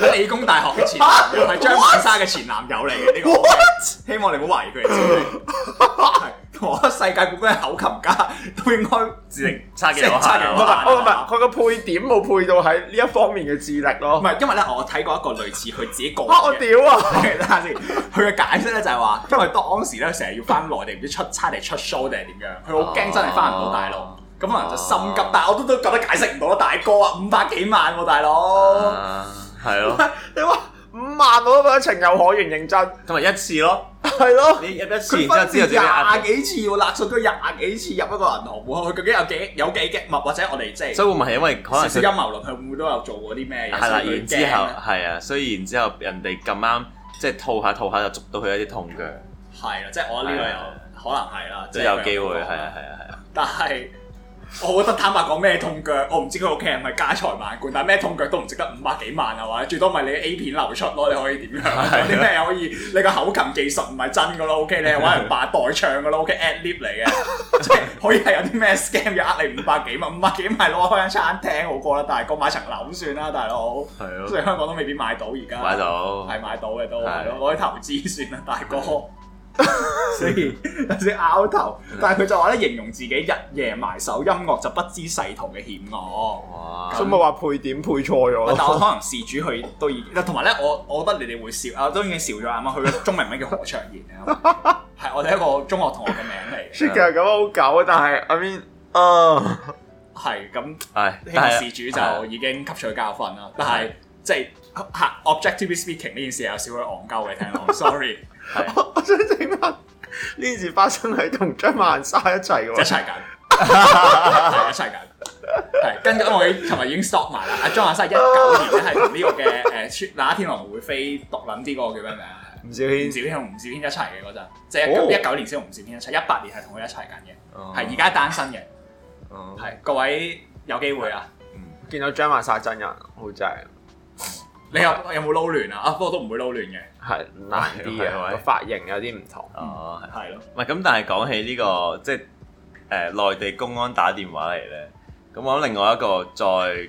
喺理工大學嘅前男友，係張曼莎嘅前男友嚟嘅呢個，希望你唔好懷疑佢。 我覺得世界冠軍嘅口琴家，都應該智力，力差幾多下？唔係玩，佢個、啊、配點冇配到喺呢一方面嘅智力咯。唔係，因為咧我睇過一個類似佢自己講我屌啊！其下先，佢 嘅解釋咧就係話，因為當時咧成日要返內地，唔知出差嚟出 show 定係點樣，佢好驚真係返唔到大陸。咁啊可能就心急，啊、但係我都都覺得解釋唔到咯，大哥啊，五百幾萬喎，大佬，係咯，你話。五萬我都覺得情有可原，認真。同埋一次咯，係咯，你入一次然之後廿幾次喎，勒索佢廿幾次入一個銀行戶喎，佢究竟有幾有幾驚？或或者我哋即係，所以會唔會係因為可能小陰謀論，佢會唔會都有做過啲咩嘢？係啦，然之後係啊，所以然之後人哋咁啱即係套下套下就捉到佢一啲痛腳。係啊，即係我呢個又可能係啦，即係有機會係啊係啊係啊，但係。我覺得坦白講咩痛腳，我唔知佢屋企人係咪家財萬貫，但咩痛腳都唔值得五百幾萬係嘛？最多咪你 A 片流出咯，你可以點樣？啲咩、啊、可以？你個口琴技術唔係真噶咯，OK？你係玩人扮代唱噶咯，OK？Ad lib 嚟嘅，即係可以係有啲咩 scam 要呃你五百幾萬？五百幾萬攞開間餐廳好過啦，大哥買層樓算啦，大佬。係咯。雖然香港都未必買到而家買到。買到。係買到嘅都，攞去了是投資算啦，大哥。先有少拗頭，但係佢就話咧形容自己日夜埋首音樂就不知世途嘅險惡，咁咪話配點配錯咗。但係可能事主佢都已，同埋咧我我覺得你哋會笑，都已經笑咗啱啱。佢嘅中文名叫何卓彥，係我哋一個中學同學嘅名嚟。雖然其實咁好狗，但係阿邊啊係咁係，但係希望事主就已經吸取教訓啦。但係即係 objectively speaking 呢件事有少少戇鳩嘅聽，sorry。是我,我想請問呢件事發生喺同張曼莎一齊嘅喎， 一齊緊，係一齊緊，係跟住我哋同埋已經 stop 埋啦。阿張曼莎一九年咧係同呢個嘅誒，哪、 呃、天我們會飛獨林啲嗰個叫咩名？吳小軒，吳小軒同吳小軒一齊嘅嗰陣，即係一九一九年先同吳小軒一齊，一八年係同佢一齊緊嘅，係而家單身嘅，係、哦、各位有機會啊、嗯！見到張曼莎真人好正。你有有冇撈亂啊？阿、啊、波都唔會撈亂嘅，係難啲嘅，係咪？髮型有啲唔同，哦，係咯。唔係咁，但係講起呢、這個即係誒內地公安打電話嚟咧。咁我諗另外一個再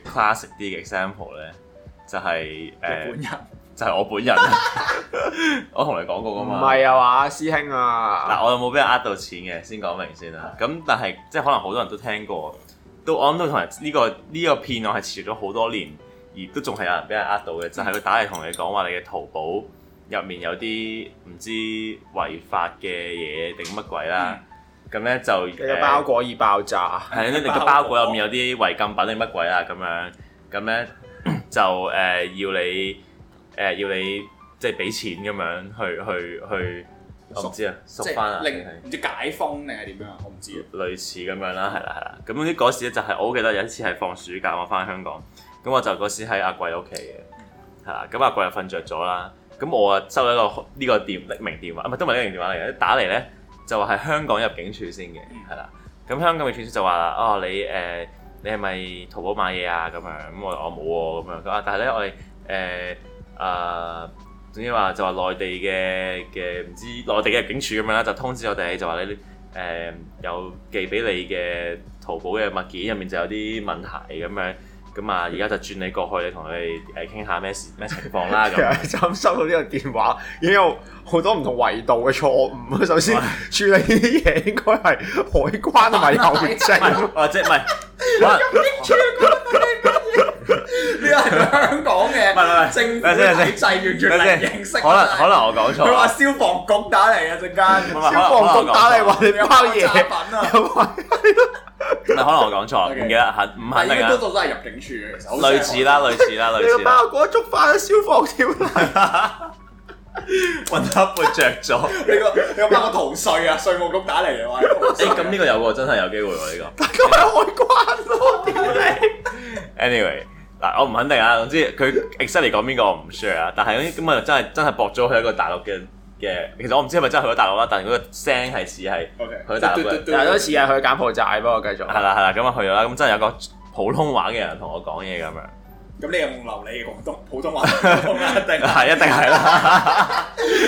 classic 啲嘅 example 咧，就係、是、誒、呃、本人，就係我本人。 我同你講過噶嘛？唔係啊嘛，師兄啊！嗱，我有冇俾人呃到錢嘅？先講明先啦。咁的但係即係可能好多人都聽過，都我諗都同埋呢個呢、這個騙案係遲咗好多年。亦都仲係有人俾人呃到嘅，就係、是、佢打嚟同你講話你嘅淘寶入面有啲唔知違法嘅嘢定乜鬼啦，咁咧、嗯、就個包裹易爆炸，係咧，你嘅包裹入面有啲違禁品定乜鬼啊？咁樣咁咧就誒要你誒、啊、要你即係俾錢咁樣去去去，我唔知啊，贖翻啊，唔知解封定係點樣我唔知，類似咁樣啦，係啦係啦。咁嗰啲嗰時咧就係、是、我好記得有一次係放暑假我翻香港。咁我就嗰時喺阿貴屋企嘅，係啦。咁阿貴又瞓着咗啦。咁我啊收一個呢個店匿名電話，唔係都唔係匿名電話嚟嘅。打嚟咧就話係香港入境處先嘅，係啦。咁香港嘅入境處就話：哦，你誒、呃、你係咪淘寶買嘢啊？咁樣咁我我冇喎咁樣。咁啊、哦哦，但係咧我哋誒啊，總之話就話內地嘅嘅唔知內地嘅入境處咁樣啦，就通知我哋就話你誒、呃、有寄俾你嘅淘寶嘅物件入面就有啲問題咁樣。咁啊，而家就轉你過去，你同佢哋誒傾下咩事咩情況啦咁。就咁收到呢個電話，已經有好多唔同維度嘅錯誤。首先處理呢啲嘢應該係海關同埋郵政，或者唔係。呢個係香港嘅唔係，唔係，政府體制，完全嚟認識。可能可能我講錯。佢話消防局打嚟啊，陣間消防局打嚟話你包嘢品啊。唔係可能我講錯，唔記得嚇，唔肯定啊。多數都係入境處嘅，其實。類似啦，類似啦，類似。你個包裹捉翻消防條帶。揾黑布著咗。你個你個包我逃稅啊！稅務局打嚟嘅話。誒咁呢個有個真係有機會喎呢個。大概海關咯，屌你。Anyway。我唔肯定啊，總之佢 exactly 講邊個，我唔 sure 啊。但係咁啲咁啊，真係真係駁咗佢一個大陸嘅嘅，其實我唔知係咪真係去咗大陸啦。但係嗰個聲係似係，去咗大陸，但係都似係去柬埔寨。不過繼續係啦係啦，咁啊去咗啦。咁真係有個普通話嘅人同我講嘢咁樣。咁你又用留你嘅廣東普通話，一定係一定係啦，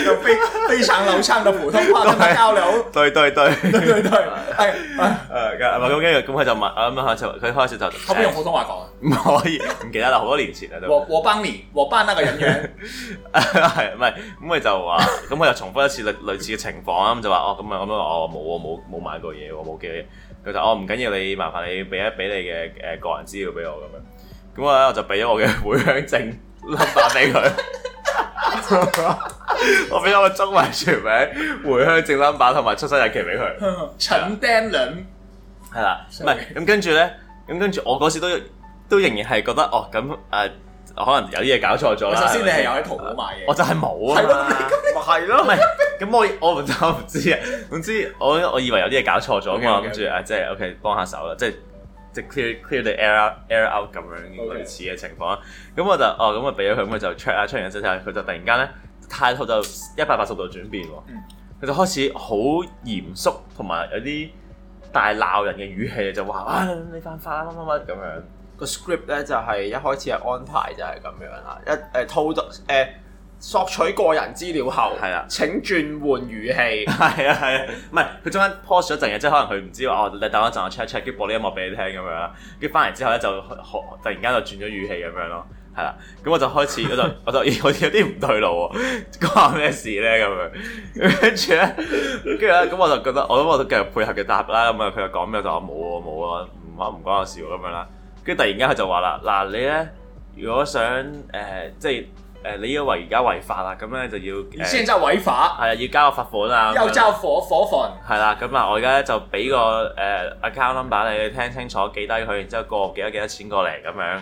又非非常流暢嘅普通話咁樣交流。對對對對對，係誒咁，咁跟住咁佢就問，咁樣佢就佢開始就，可唔可以用普通話講，唔可以，唔記得啦，好多年前啦。我我幫你，我幫那個人員係唔係？咁佢就話，咁佢又重複一次類似嘅情況啊，咁就話哦，咁啊咁啊，我冇冇冇買過嘢，我冇記嘅。佢就哦唔緊要，你麻煩你俾一俾你嘅誒個人資料俾我咁樣。咁啊，我就俾咗我嘅回鄉證 number 俾佢，我俾咗個中文全名、回鄉證 number 同埋出生日期俾佢。蠢丁倫，係啦，唔係咁跟住咧，咁跟住我嗰時都都仍然係覺得哦，咁誒可能有啲嘢搞錯咗啦。首先你係有喺淘寶買嘢，我就係冇啊，係咯，唔係咁我我唔就唔知啊，總之我我以為有啲嘢搞錯咗啊嘛，跟住啊即係 OK 幫下手啦，即係。即 clear clear the error out 咁樣 Okay. 類似嘅情況啦，咁我就哦咁我俾咗佢，咁我就，就 check 啊 check 完之後，佢就突然間咧態度就一百八十度轉變喎，佢、mm hmm. 就開始好嚴肅同埋有啲大鬧人嘅語氣就話啊你犯法啦，乜乜乜咁樣。個 script 咧就係、是、一開始嘅安排就係咁樣啦，一誒 t o 索取個人資料後，係啦。請轉換語氣。係啊，係啊，唔係佢中間 pause 咗陣嘅，即係可能佢唔知話哦，你等一陣，我 check 一 check，跟住播啲音樂俾你聽咁樣。跟住翻嚟之後咧，就突然間就轉咗語氣咁樣咯，係啦。咁我就開始， 我就我就咦，好似、哎、有啲唔對路喎。講咩事咧？咁樣跟住咧，跟住咧，咁我就覺得，我都我，我都繼續配合嘅答啦。咁啊，佢就講咩就話冇啊冇啊，唔關唔關我事咁樣啦。跟住突然間佢就話啦，嗱你咧，如果想誒即係。誒，你依個違而家違法啦，咁咧就要而先即係違法，係啊，要交個罰款啊，又交火火款。係啦，咁啊，我而家咧就俾個誒 account number 你聽清楚，記低佢，然之後過幾多幾多錢過嚟咁樣，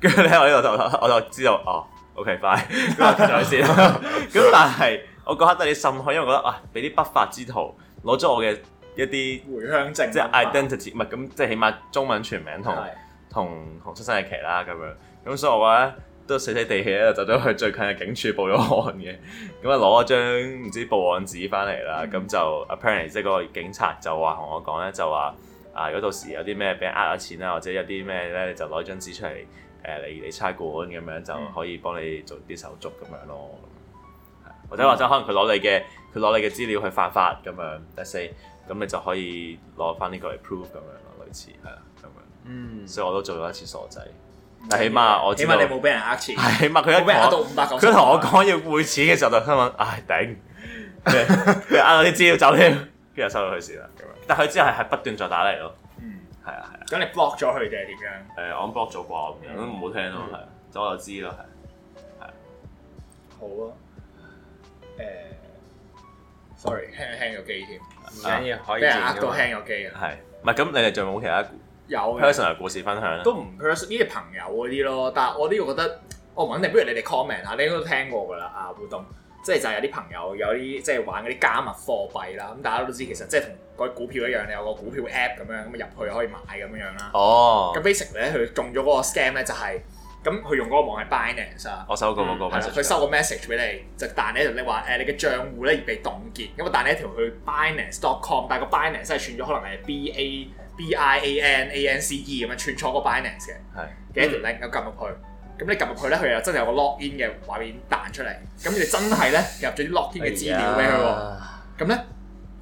跟住咧我呢度就我就知道哦、oh，OK 快，咁再先啦。咁但係我嗰刻得你心虛，因為我覺得啊，俾啲不法之徒攞咗我嘅一啲回鄉證，即係 identity 唔係咁，即係起碼中文全名同同同出生日期啦咁樣，咁所以我話。都死死地氣咧，就走咗去最近嘅警署報咗案嘅。咁啊攞咗張唔知報案紙翻嚟啦。咁就 apparently 即係個警察就話同我講咧，就話啊，如果到時有啲咩俾人呃咗錢啦，或者有啲咩咧，你就攞張紙出嚟誒，你、呃、你差館咁樣就可以幫你做啲手續咁樣咯。或者或者可能佢攞你嘅佢攞你嘅資料去犯法咁樣，第四，咁你就可以攞翻呢個嚟 prove 咁樣咯，類似係啊咁樣。嗯，所以我都做咗一次傻仔。嗱，起碼我知起碼你冇俾人呃錢，係起碼佢一佢同我講要匯錢嘅時候就佢問，唉頂，佢呃咗啲資料走添，跟住收到佢事啦。咁樣，但係佢之後係不斷再打嚟咯。嗯，係啊係啊。咁你 block 咗佢定係點樣？誒，我 block 咗啩，咁唔好聽咯，係，咁我就知啦，係，係。好咯，誒，sorry，輕輕個機添？唔緊要，可以。俾人呃到輕個機啊！係，唔係咁，你哋仲冇其他股？有 p e r s 故事分享，都唔 p e 呢啲朋友嗰啲咯，但係我呢個覺得，我肯定不如你哋 comment 下，你應該都聽過㗎啦啊活動，即係就係有啲朋友有啲即係玩嗰啲加密貨幣啦，咁、嗯、大家都知其實即係同個股票一樣，你有個股票 app 咁樣，咁入去可以買咁樣啦。哦、oh.，咁 basically 咧佢中咗嗰個 s c a n 咧就係、是，咁佢用嗰個網係 Binance 啊，我收過嗰個，佢收個 message 俾、嗯啊、你，就彈你一條、呃、你話誒你嘅賬戶咧被凍結，咁啊彈你一條去 Binance.com，但係個 Binance 真係串咗可能係 B A。B I A N A N C E 咁樣串錯 b 的個 b i n a n c e 嘅，嘅條 link 有撳入去，咁你撳入去咧，佢又真係有個 log in 嘅畫面彈出嚟，咁你真係咧入咗啲 log in 嘅資料俾佢，咁咧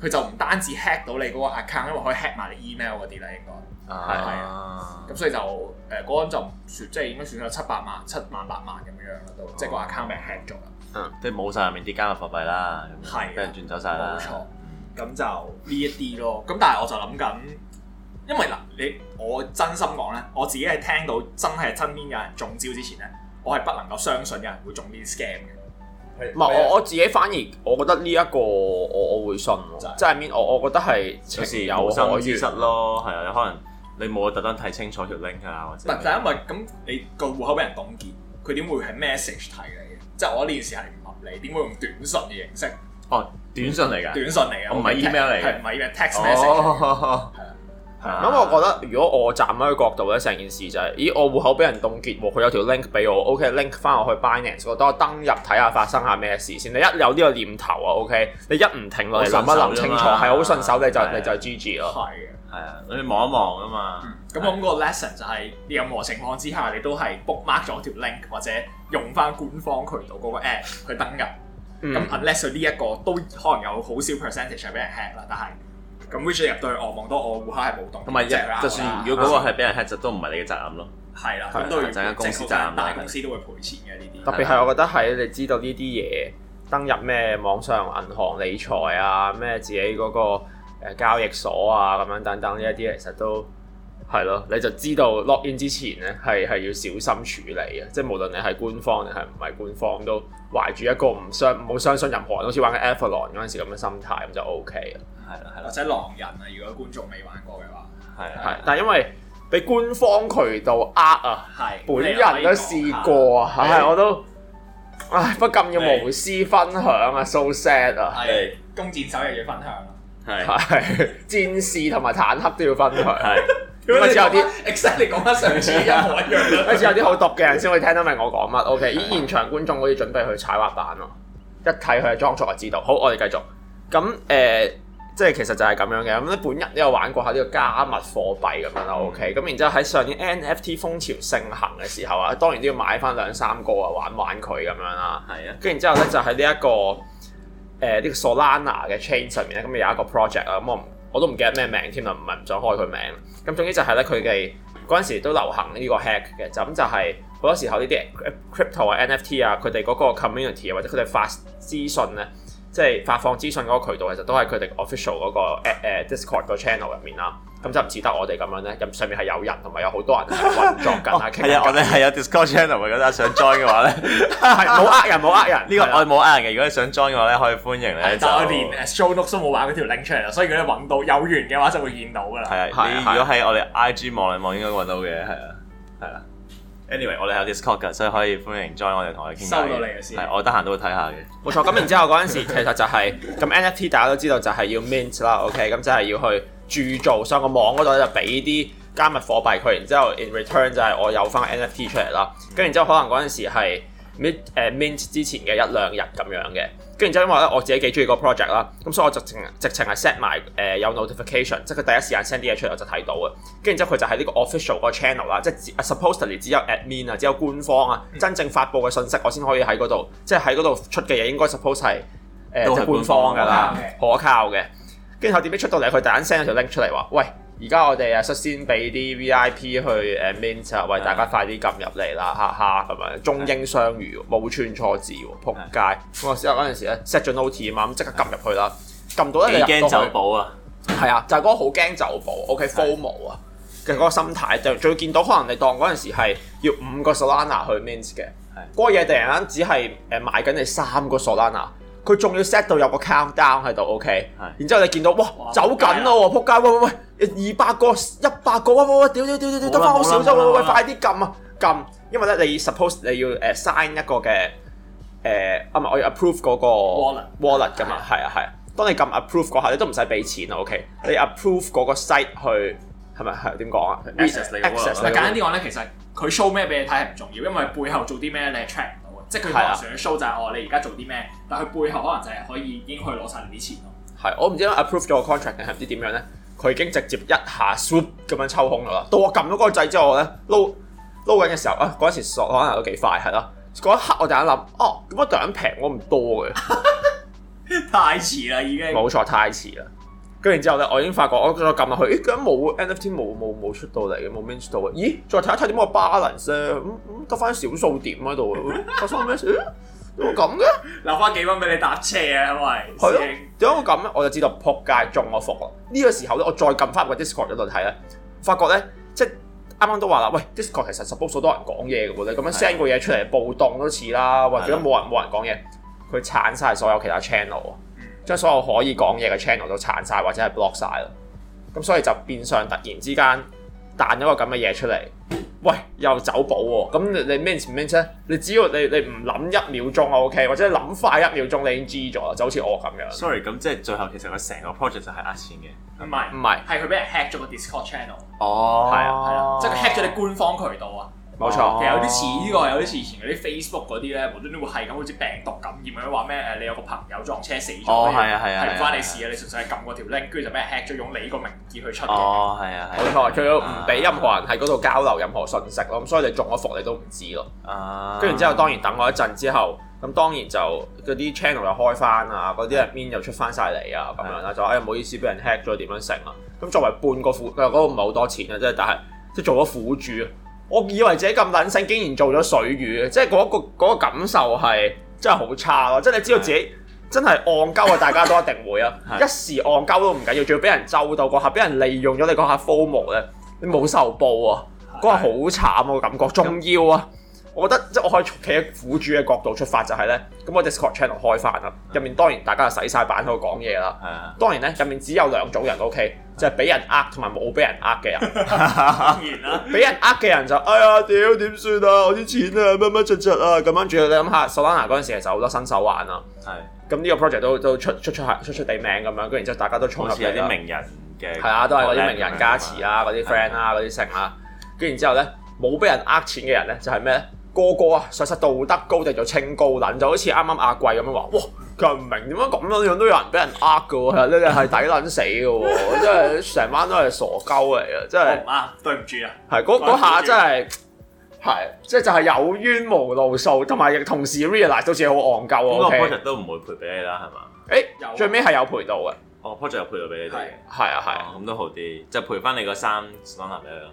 佢就唔單止 hack 到你嗰個 account，因為可以 hack 埋你 email 嗰啲啦，應該。啊，係啊。咁所以就誒嗰、那個人就即係應該選咗七八萬、七萬八萬咁樣、就是嗯、咯，都即係個 account 俾人 hack 咗啦。即係冇晒入面啲加密貨幣啦，俾人轉走晒啦。冇錯。咁就呢一啲咯，咁但係我就諗緊。因為嗱，你我真心講咧，我自己係聽到真係身邊有人中招之前咧，我係不能夠相信有人會中呢啲 scam 嘅。唔係我我自己反而我覺得呢一個我我會信喎，真係邊？我我覺得係情有可原失咯，係啊，可能你冇特登睇清楚條 link 啊，或者。但係因為咁，你個戶口俾人盜竊，佢點會係 message 睇你嘅？即係我呢件事係唔合理，點會用短信嘅形式？哦，短信嚟㗎。短信嚟㗎，唔係 email 嚟，係唔係 text message？咁我覺得，如果我站喺個角度咧，成件事就係，咦，我戶口俾人凍結喎，佢有條 link 俾我，OK，link 翻我去 Binance，我當我登入睇下發生下咩事先。你一有呢個念頭啊，OK，你一唔停落嚟諗一諗清楚，係好順手你就你就 GG 咯。係嘅，係啊，你望一望啊嘛。咁我諗個 lesson 就係，任何情況之下，你都係 bookmark 咗條 link 或者用翻官方渠道嗰個 app 去登入。咁 unless 呢一個都可能有好少 percentage 係俾人 hack 啦，但係。咁 which 入、哦哦、有對我，望到我戶口係冇動，同埋，就算如果嗰個係俾人 hack 咗都唔係你嘅責任咯。係啦、嗯，咁、嗯、都係整間公司責任，大公司都會賠錢嘅呢啲。對特別係我覺得喺你知道呢啲嘢登入咩網上銀行理財啊，咩自己嗰個交易所啊，咁樣等等呢一啲，其實都。係咯，你就知道 log in 之前咧，係係要小心處理嘅。即係無論你係官方定係唔係官方，都懷住一個唔相唔好相信任何人，好似玩緊 Avalon 嗰陣時咁嘅心態，咁就 O K 啦。係啦，係啦。或者狼人啊，如果觀眾未玩過嘅話，係啊，係。但係因為俾官方渠道呃啊，係，本人都試過啊，係我都唉不禁要無私分享啊，so sad 啊，係弓箭手又要分享，係，係戰士同埋坦克都要分享，係。開始有啲 exactly 講翻上次嘅海洋啦，開 始 有啲好毒嘅人先可以聽得明我講乜。OK，依 現場觀眾可以準備去踩滑板咯。一睇佢嘅裝束就知道。好，我哋繼續。咁誒、呃，即係其實就係咁樣嘅。咁咧，本人都有玩過下呢個加密貨幣咁樣啦。OK，咁然之後喺上年 NFT 風潮盛行嘅時候啊，當然都要買翻兩三個啊，玩玩佢咁樣啦。係啊， 跟然之後咧就喺呢一個誒呢、呃呢個 Solana 嘅 chain 上面咧，咁、嗯、有一個 project 啊 mon。啊啊啊啊啊我都唔記得咩名添啊，唔係唔想開佢名。咁總之就係咧，佢哋嗰陣時都流行呢個 hack 嘅，就咁就係好多時候呢啲 crypto 啊、NFT 啊，佢哋嗰個 community 啊，或者佢哋發資訊咧，即係發放資訊嗰個渠道，其實都係佢哋 official 嗰個誒 Discord 個 channel 入面啦。咁就唔似得我哋咁樣咧，咁上面係有人，同埋有好多人係運作緊啊！係啊，我哋係有 Discord channel 嘅，如果想 join 嘅話咧，係冇呃人，冇呃人。呢個我哋冇呃人嘅，如果你想 join 嘅話咧，可以歡迎咧就。但我連誒 show notes 都冇擺嗰條 link 出嚟啦，所以佢咧揾到有緣嘅話就會見到㗎啦。係啊，你如果喺我哋 IG 望一望，應該揾到嘅，係啊，係啊。anyway，我哋有 Discord 㗎，所以可以歡迎 join 我哋同佢傾。收到你嘅先。係，我得閒都會睇下嘅。冇錯，咁然之後嗰陣時，其實就係咁 NFT，大家都知道就係要 mint 啦。OK，咁即係要去。鑄造上個網嗰度就俾啲加密貨幣佢，然之後 in return 就係我有翻 NFT 出嚟啦。跟然之後可能嗰陣時係 mint 誒 mint 之前嘅一兩日咁樣嘅。跟然之後因為咧我自己幾中意個 project 啦，咁所以我就直情直情係 set 埋誒有 notification，即係佢第一時間 send 啲嘢出嚟我就睇到啊。跟然之後佢就喺呢個 official 個 channel 啦，即係 supposedly 只有 admin 啊，只有官方啊，真正發布嘅信息我先可以喺嗰度，即係喺嗰度出嘅嘢應該 suppose 係誒、呃、官方㗎啦，可靠嘅。okay. 跟住後點解出到嚟？佢突然一聲就拎出嚟話：喂，而家我哋啊，率先俾啲 V.I.P. 去誒 mint 啊，喂大家快啲撳入嚟啦，哈哈咁樣中英雙語，冇穿錯字喎，仆街！嗯、我試下嗰時咧 set 咗 note 啊嘛，咁即、no、刻撳入去啦，撳到一你入到驚走寶啊？係啊，就係嗰個好驚走寶。OK，FOMO 啊嘅嗰個心態，就最見到可能你當嗰陣時係要五個 Solana 去 mint 嘅的，嗰個嘢突然間只係誒買緊你三個 Solana 佢仲要 set 到有個 countdown 喺度，OK。然之後你見到，哇，走緊咯喎，撲街，喂喂喂，二百個，一百個，啊！哇哇，屌屌屌屌屌，得翻好少啫喎，喂，快啲撳啊，撳！因為咧，你 suppose 你要誒 sign 一個嘅誒，啊唔係，我要 approve 嗰個 wallet，wallet 㗎嘛，係啊係。當你撳 approve 嗰下，你都唔使俾錢啊，OK。你 approve 嗰個 site 去係咪係點講啊？Access 你個 wallet。簡單啲講咧，其實佢 show 咩俾你睇係唔重要，因為背後做啲咩你係 check。即係佢可能想 show、啊、就係哦，你而家做啲咩？但係佢背後可能就係可以已經去攞晒你啲錢咯。係，我唔知啦，approve 咗個 contract 定係唔知點樣咧？佢已經直接一下 shoot 咁樣抽空咗啦。到我撳到嗰個掣之後咧，撈撈緊嘅時候啊，嗰一索可能都幾快係咯。嗰、啊、一刻我第一諗，哦，咁我突然平、啊、我唔多嘅， 太遲啦已經。冇錯，太遲啦。跟住之後咧，我已經發覺我再撳落去，咦，咁冇 NFT 冇冇冇出到嚟嘅，冇 mint 到嘅，咦？再睇一睇點解 balance 得翻少數點喺度嘅，發生咩事？點解咁嘅？留翻幾蚊俾你搭車啊，因、 啊、為點解會咁咧？我就知道撲街中我伏啦。呢、這個時候咧，我再撳翻入個 Discord 嗰度睇咧，發覺咧即係啱啱都話啦，喂，Discord 其實 support 好多人講嘢嘅喎，你咁樣 send 個嘢出嚟暴動都似啦，或者冇人冇人講嘢，佢鏟晒所有其他 channel。將所有可以講嘢嘅 channel 都鏟晒，或者係 block 晒咯，咁所以就變相突然之間彈咗個咁嘅嘢出嚟，喂又走寶喎，咁你你 mean 唔 mean 啫？你只要你你唔諗一秒鐘 OK，或者諗快一秒鐘你已經 G 咗啦，就好似我咁樣。Sorry，咁即係最後其實佢成個 project 就係呃錢嘅，唔係唔係，係佢俾人 hack 咗個 Discord channel。哦，係、oh. 啊，即係 hack 咗你官方渠道啊。冇錯，哦、其實有啲似呢個，有啲似以前嗰啲 Facebook 嗰啲咧，無端端會係咁好似病毒感染咁樣話咩誒？你有個朋友撞車死咗，係唔關你事嘅。你純粹係撳嗰條 link，跟住就俾人 hack 咗，用你個名義去出嘅。哦，係啊，冇、啊、錯，佢又唔俾任何人喺嗰度交流任何信息咯。咁、uh, 所以你中咗伏，你都唔知咯。啊，跟住之後當然等我一陣之後，咁當然就嗰啲 channel 又開翻啊，嗰啲人面又出翻晒嚟啊，咁樣啦就誒唔好意思俾人 hack 咗點樣成啊？咁作為半個苦，其實嗰個唔係好多錢嘅，即係但係即做咗苦主。我以為自己咁撚醒，竟然做咗水魚，即係嗰、嗰個嗰個感受係真係好差咯！即係你知道自己的真係戇鳩啊，大家都一定會啊，的一時戇鳩都唔緊要，仲要俾人咒到嗰下，俾人利用咗你嗰下 FOMO 咧，o, 你冇受報啊，嗰下好慘我、啊、感覺中意啊！我覺得即係我可以從企喺苦主嘅角度出發，就是，就係咧，咁我 Discord channel 開翻啦，入面當然大家就洗晒版喺度講嘢啦。當然咧，入面只有兩種人，O.K.，就係、是、俾人呃同埋冇俾人呃嘅人。自然啦，俾然、啊、 人呃嘅人就哎呀，屌點算啊？我啲錢什麼什麼啊，乜乜柒柒啊！咁跟住你諗下，Solana 嗰陣時其實好多新手玩啊。係的。咁呢個 project 都都出出出，出出出出地名咁樣，跟住然之後大家都湧入嚟啲名人嘅，係個啊，都係嗰啲名人加持啊，嗰啲些 friend 啊的，嗰啲剩啊，跟住 然之後咧，冇俾人呃錢嘅人咧，就係、是、咩個個啊，實質道德高地就清高人，就好似啱啱阿貴咁樣話，哇！佢唔明點解咁樣樣都有人俾人呃嘅喎，呢啲係抵撚死嘅喎，真係成班都係傻鳩嚟嘅，真係。唔啱，對唔住啊！係嗰下真係，係即係就係有冤無路訴，同埋同時 realize 到自己好戇鳩。咁個 project 都唔會賠俾你啦，係嘛？誒，最尾係有賠到嘅。哦，project 有賠到俾你哋，係啊，係啊，咁都好啲，即係賠翻你個三 stunner 俾你啦。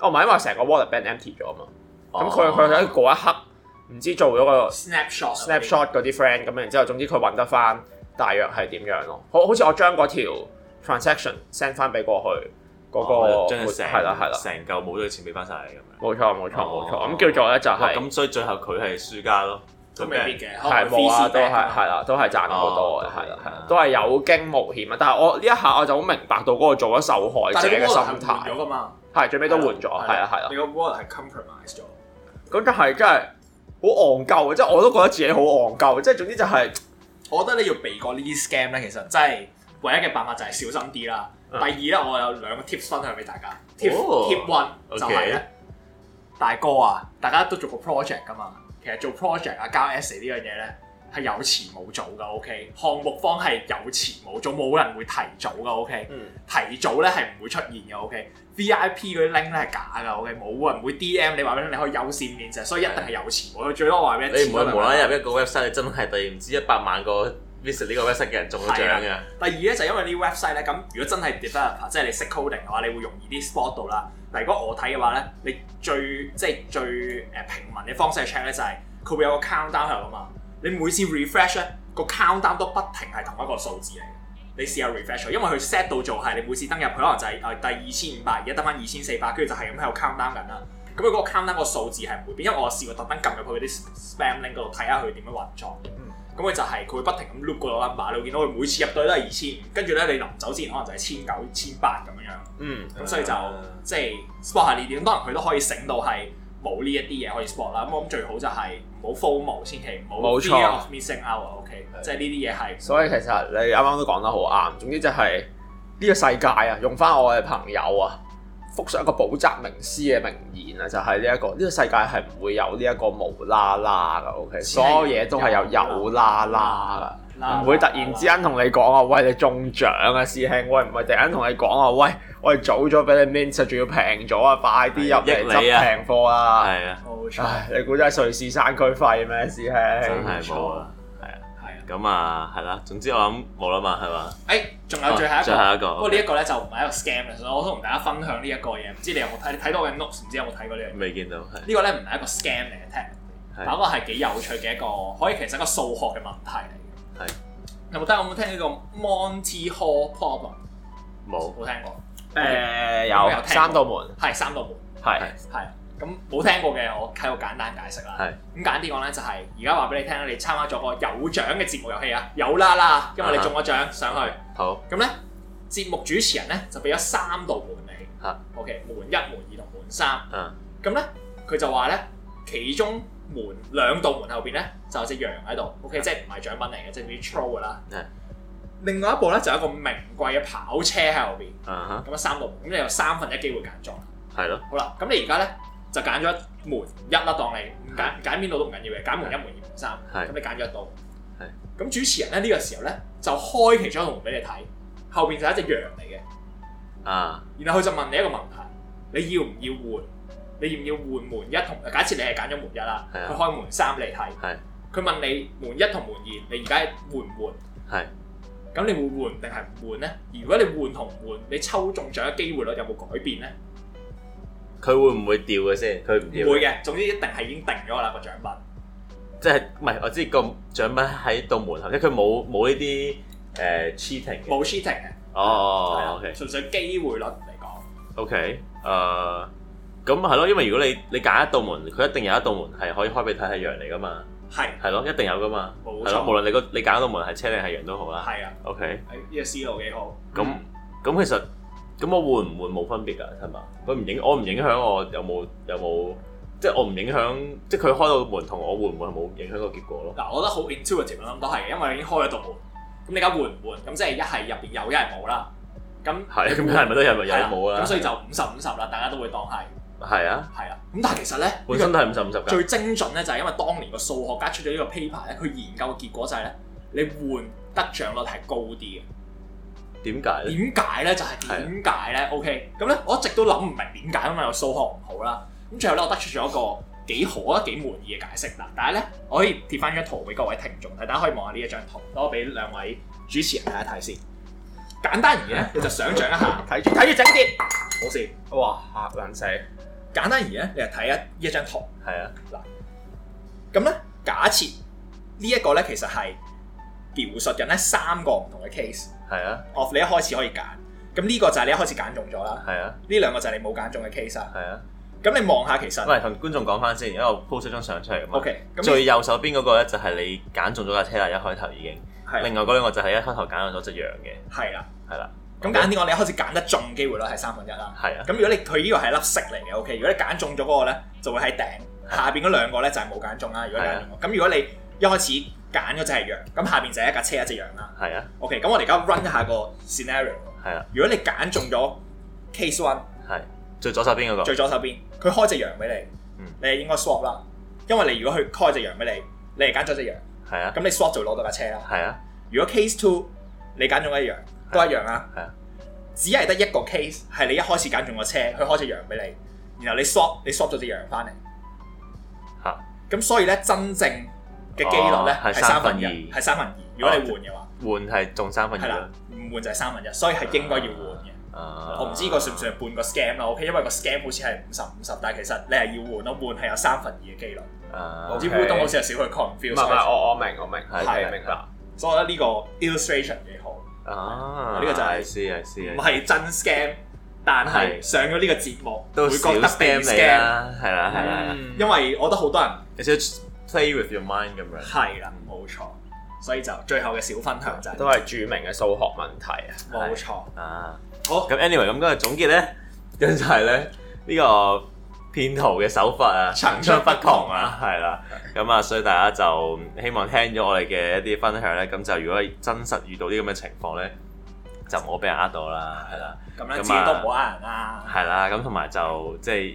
哦，唔係因為成個 wallet 俾人 empty 咗啊嘛。咁佢佢喺嗰一刻唔知做咗個 snapshot snapshot 嗰啲 friend 咁，然之後總之佢揾得翻，大約係點樣咯？好好似我將嗰條 transaction send 翻俾過去嗰個，係啦係啦，成嚿冇咗嘅錢俾翻晒你咁樣。冇錯冇錯冇錯，咁叫做咧就係咁，所以最後佢係輸家咯。都未必嘅，係冇都係係啦，都係賺好多嘅，係啦係啦，都係有驚無險啊！但係我呢一下我就好明白到嗰個做咗受害者嘅心態。但係你個 wallet 換咗㗎嘛？係最尾都換咗，係啊係啊。你個 wallet 係 compromised 咗。咁真係真係好戇鳩嘅，即係我都覺得自己好戇鳩嘅，即係總之就係，我覺得你要避過呢啲 scam 咧，其實真係唯一嘅辦法就係小心啲啦。第二咧，我有兩個 tips 分享俾大家。tip、oh, tip one okay. 就係咧，大哥啊，大家都做過 project 噶嘛，其實做 project 啊，交 essay 呢樣嘢咧。係有遲冇早㗎，OK？項目方係有遲冇早，冇人會提早㗎，OK？、嗯、提早咧係唔會出現嘅 OK、okay? v i p 嗰啲 link 咧係假㗎，OK？冇人會 DM 你話俾你，你可以有線面成，所以一定係有遲冇。是的 最多話俾你，你，你唔會無啦啦入一個 website，你真係對唔知一百萬個 visit 呢個 website 嘅人中咗獎嘅。獲獲第二咧就因為啲 website 咧，咁如果真係 developer，即係你識 coding 嘅話，你會容易啲 spot 到啦。但如果我睇嘅話咧，你最即係最誒平民嘅方式 check 咧就係、是、佢會，會有個 countdown 喺度啊嘛。你每次 refresh 咧個 countdown 都不停係同一個數字嚟嘅。你試下 refresh 佢，因為佢 set 到做係你每次登入佢可能就係誒第二千五百，而家得翻二千四百，跟住就係咁喺度 countdown 緊啦。咁佢嗰個 countdown 個數字係唔會變，因為我試過特登撳入去啲 spam link 度睇下佢點樣運作。咁、嗯、佢、嗯、就係、是、佢會不停咁 loop 個 number，你會見到佢每次入對都係二千五，跟住咧你臨走之前可能就係千九千八咁樣樣。嗯，咁、嗯、所以就即係 spot 下呢點，當然佢都可以醒到係冇呢一啲嘢可以 spot 啦。咁、嗯、我、嗯、最好就係、是。冇 full 無先，佢冇錯 missing out，OK，okay? 對即係呢啲嘢係。所以其實你啱啱都講得好啱，總之就係呢個世界啊，用翻我嘅朋友啊，復述一個補習名師嘅名言啊，就係呢一個呢個世界係唔會有呢一個無啦啦噶，OK，有所有嘢都係有有啦啦噶，唔會突然之間同、啊、你講啊，喂，你中獎啊，師兄，喂，唔係突然間同你講啊，喂。我早咗俾你 mins，仲要平咗啊！快啲入嚟執平貨啊！係啊，冇錯。唉，你估真係瑞士山區費咩？師兄真係冇啊！係啊，係啊。咁啊，係啦。總之我諗冇啦嘛，係嘛？誒，仲有最後一個，最後一個。不過呢一個咧就唔係一個 scam 嘅，所以我都同大家分享呢一個嘢。唔知你有冇睇睇到嘅 notes？唔知有冇睇過呢樣？未見到。呢個咧唔係一個 scam 嚟嘅，聽，不過係幾有趣嘅一個，可以其實一個數學嘅問題嚟嘅。係有冇聽？有冇聽呢個 Monty Hall problem？冇，冇聽過。誒有有，三道門，係三道門，係係。咁冇聽過嘅，我睇個簡單解釋啦。係咁簡單啲講咧，就係而家話俾你聽，你參加咗個有獎嘅節目遊戲啊，有啦啦，因為你中咗獎上去。好咁咧，節目主持人咧就俾咗三道門你。嚇，OK，門一、門二同門三。咁咧，佢就話咧，其中門兩道門後邊咧就有隻羊喺度。OK，即係唔係獎品嚟嘅，即係啲抽㗎啦。係。另外一部咧就有一個名貴嘅跑車喺後邊，咁啊三部門，咁你有三分一機會揀咗，係咯，好啦，咁你而家咧就揀咗一門一啦，當你唔揀揀邊度都唔緊要嘅，揀門一門二門三，咁你揀咗一道，咁主持人咧呢個時候咧就開其中一門俾你睇，後邊就係一隻羊嚟嘅，啊，然後佢就問你一個問題，你要唔要換？你要唔要換門一同？假設你係揀咗門一啦，佢開門三嚟睇，佢問你門一同門二，你而家換唔換？係。咁你會換定係唔換咧？如果你換同唔換，你抽中獎嘅機會率有冇改變咧？佢會唔會掉嘅先？佢唔會嘅，總之一定係已經定咗啦個獎品。即係唔係？我知、個獎品喺度門後，即佢冇冇呢啲誒 cheating 冇 cheating 嘅。Che 哦，O K，純粹機會率嚟講。O K，誒，咁係咯，因為如果你你揀一道門，佢一定有一道門係可以開俾你睇係羊嚟噶嘛。係，係咯，一定有噶嘛。係錯，無論你個你揀到門係車定係人都好啦。係啊的。OK。呢個思路幾好。咁咁其實咁我換唔換冇分別噶，係嘛？佢唔影我唔影響我有冇有冇，即係我唔影響，即係佢開到門同我換唔換冇影響個結果咯。嗱，我覺得好 intuitive 咁都係，因為已經開咗道門。咁你而家換唔換？咁即係一係入邊有一係冇啦。咁係咁一係咪都係咪有冇啊？咁的所以就五十五十啦，大家都會當係。係啊的。係啊。咁但係其實咧，本身都係五十五十嘅。最精準咧就係因為當年個數學家出咗呢個 paper 咧，佢研究嘅結果就係咧，你換得獎率係高啲嘅。點解？點解咧？就係點解咧？OK，咁、嗯、咧我一直都諗唔明點解，因為我數學唔好啦。咁最後咧，我得出咗一個幾好啊，幾滿意嘅解釋啦。但係咧，我可以貼翻一張圖俾各位聽眾睇，大家可以望下呢一張圖。咁我俾兩位主持人睇一睇先。簡單而嘅，你 就想象一下，睇住睇住整掂，好事。哇，吓冷死！簡單而言，你就睇一張圖。係啊，嗱，咁咧假設呢一、這個咧，其實係描述緊咧三個唔同嘅 case。係啊的，哦，你一開始可以揀。咁呢個就係你一開始揀中咗啦。係啊的，呢兩個就係你冇揀中嘅 case 啊。係啊的，咁你望下其實，唔係同觀眾講翻先，因為我 po 咗張相出嚟啊嘛。O K，的最右手邊嗰個咧就係你揀中咗架車啦，一開頭已，的已經。係。另外嗰兩個就係一開頭揀中咗隻羊嘅。係啦，係啦。咁簡單啲講，你開始揀得中機會率係三分一啦。係啊。咁如果你佢呢個係一粒色嚟嘅，OK。如果你揀中咗嗰個咧，就會喺頂下邊嗰兩個咧就係冇揀中啦。如果兩邊咁，如果你一開始揀嗰隻係羊，咁下邊就係一架車一隻羊啦。係啊。OK。咁我哋而家 run 一下個 scenario。係啊。如果你揀中咗 case one，係最左手邊嗰個。最左手邊，佢開隻羊俾你。嗯。你係應該 swap 啦，因為你如果佢開隻羊俾你，你係揀咗隻羊。係啊。咁你 swap 就攞到架車啦。係啊。如果 case two，你揀中咗羊。都一樣啊，只係得一個 case 係你一開始揀中個車，佢開隻羊俾你，然後你 short 你 short 咗隻羊翻嚟，嚇，咁所以咧真正嘅機率咧係三分二，係三分二。如果你換嘅話，換係中三分二。係啦，唔換就係三分一，所以係應該要換嘅。我唔知呢個算唔算係半個 scam 咯？OK，因為個 scam 好似係五十五十，但係其實你係要換咯，換係有三分二嘅機率。我知烏冬好似係少去 confuse。唔我我明我明，係明白。所以咧，呢個 illustration 幾好。哦，呢、啊、個就係唔係真 scam，的但係上咗呢個節目都的會覺得被 scam，係啦係啦，嗯、因為我覺得好多人有少 play with your mind 咁樣。係啦，冇錯，所以就最後嘅小分享就係、都係著名嘅數學問題錯啊，冇錯啊。好，咁 anyway 咁今日總結咧，跟住係咧呢、這個。騙徒嘅手法啊，層出不窮啊，係啦，咁啊，所以大家就希望聽咗我哋嘅一啲分享呢。咁就如果真實遇到啲咁嘅情況呢，就唔好俾人呃到啦，係啦，咁樣始都唔好呃人啦，係啦，咁同埋就即、是、係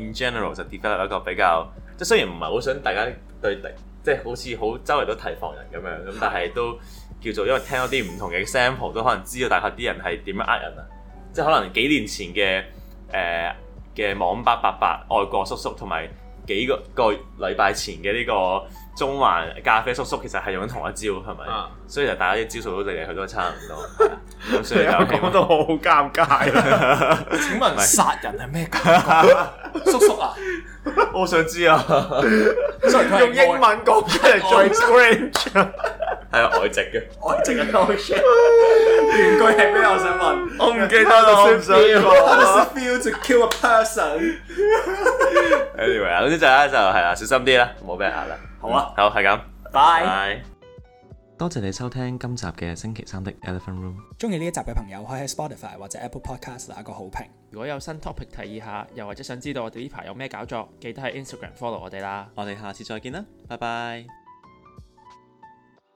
in general 就 develop 一個比較，即係雖然唔係好想大家對即係、就是、好似好周圍都提防人咁樣，咁但係都叫做因為聽咗啲唔同嘅 example 都可能知道大概啲人係點樣呃人啊，即、就、係、是、可能幾年前嘅誒。呃嘅網吧伯伯外國叔叔同埋幾個個禮拜前嘅呢個中環咖啡叔叔其實係用緊同一招，係咪？所以其實大家啲招數都嚟嚟去去都差唔多。所以又講到好尷尬。請問殺人係咩？ 叔叔啊，我想知啊。用英文講出嚟最係外籍嘅，外籍嘅 doctor。原句係咩？我想問，我唔記得啦，我唔想。I was built to kill a person。Anyway，總之就係就係啦，小心啲啦，冇咩吓啦，好啊，嗯、好，係咁，拜拜。多謝你收聽今集嘅星期三的 Elephant Room。中意呢一集嘅朋友，可以喺 Spotify 或者 Apple Podcast 打個好評。如果有新 topic 提議下，又或者想知道我哋呢排有咩搞作，記得喺 Instagram follow 我哋啦。我哋下次再見啦，拜拜。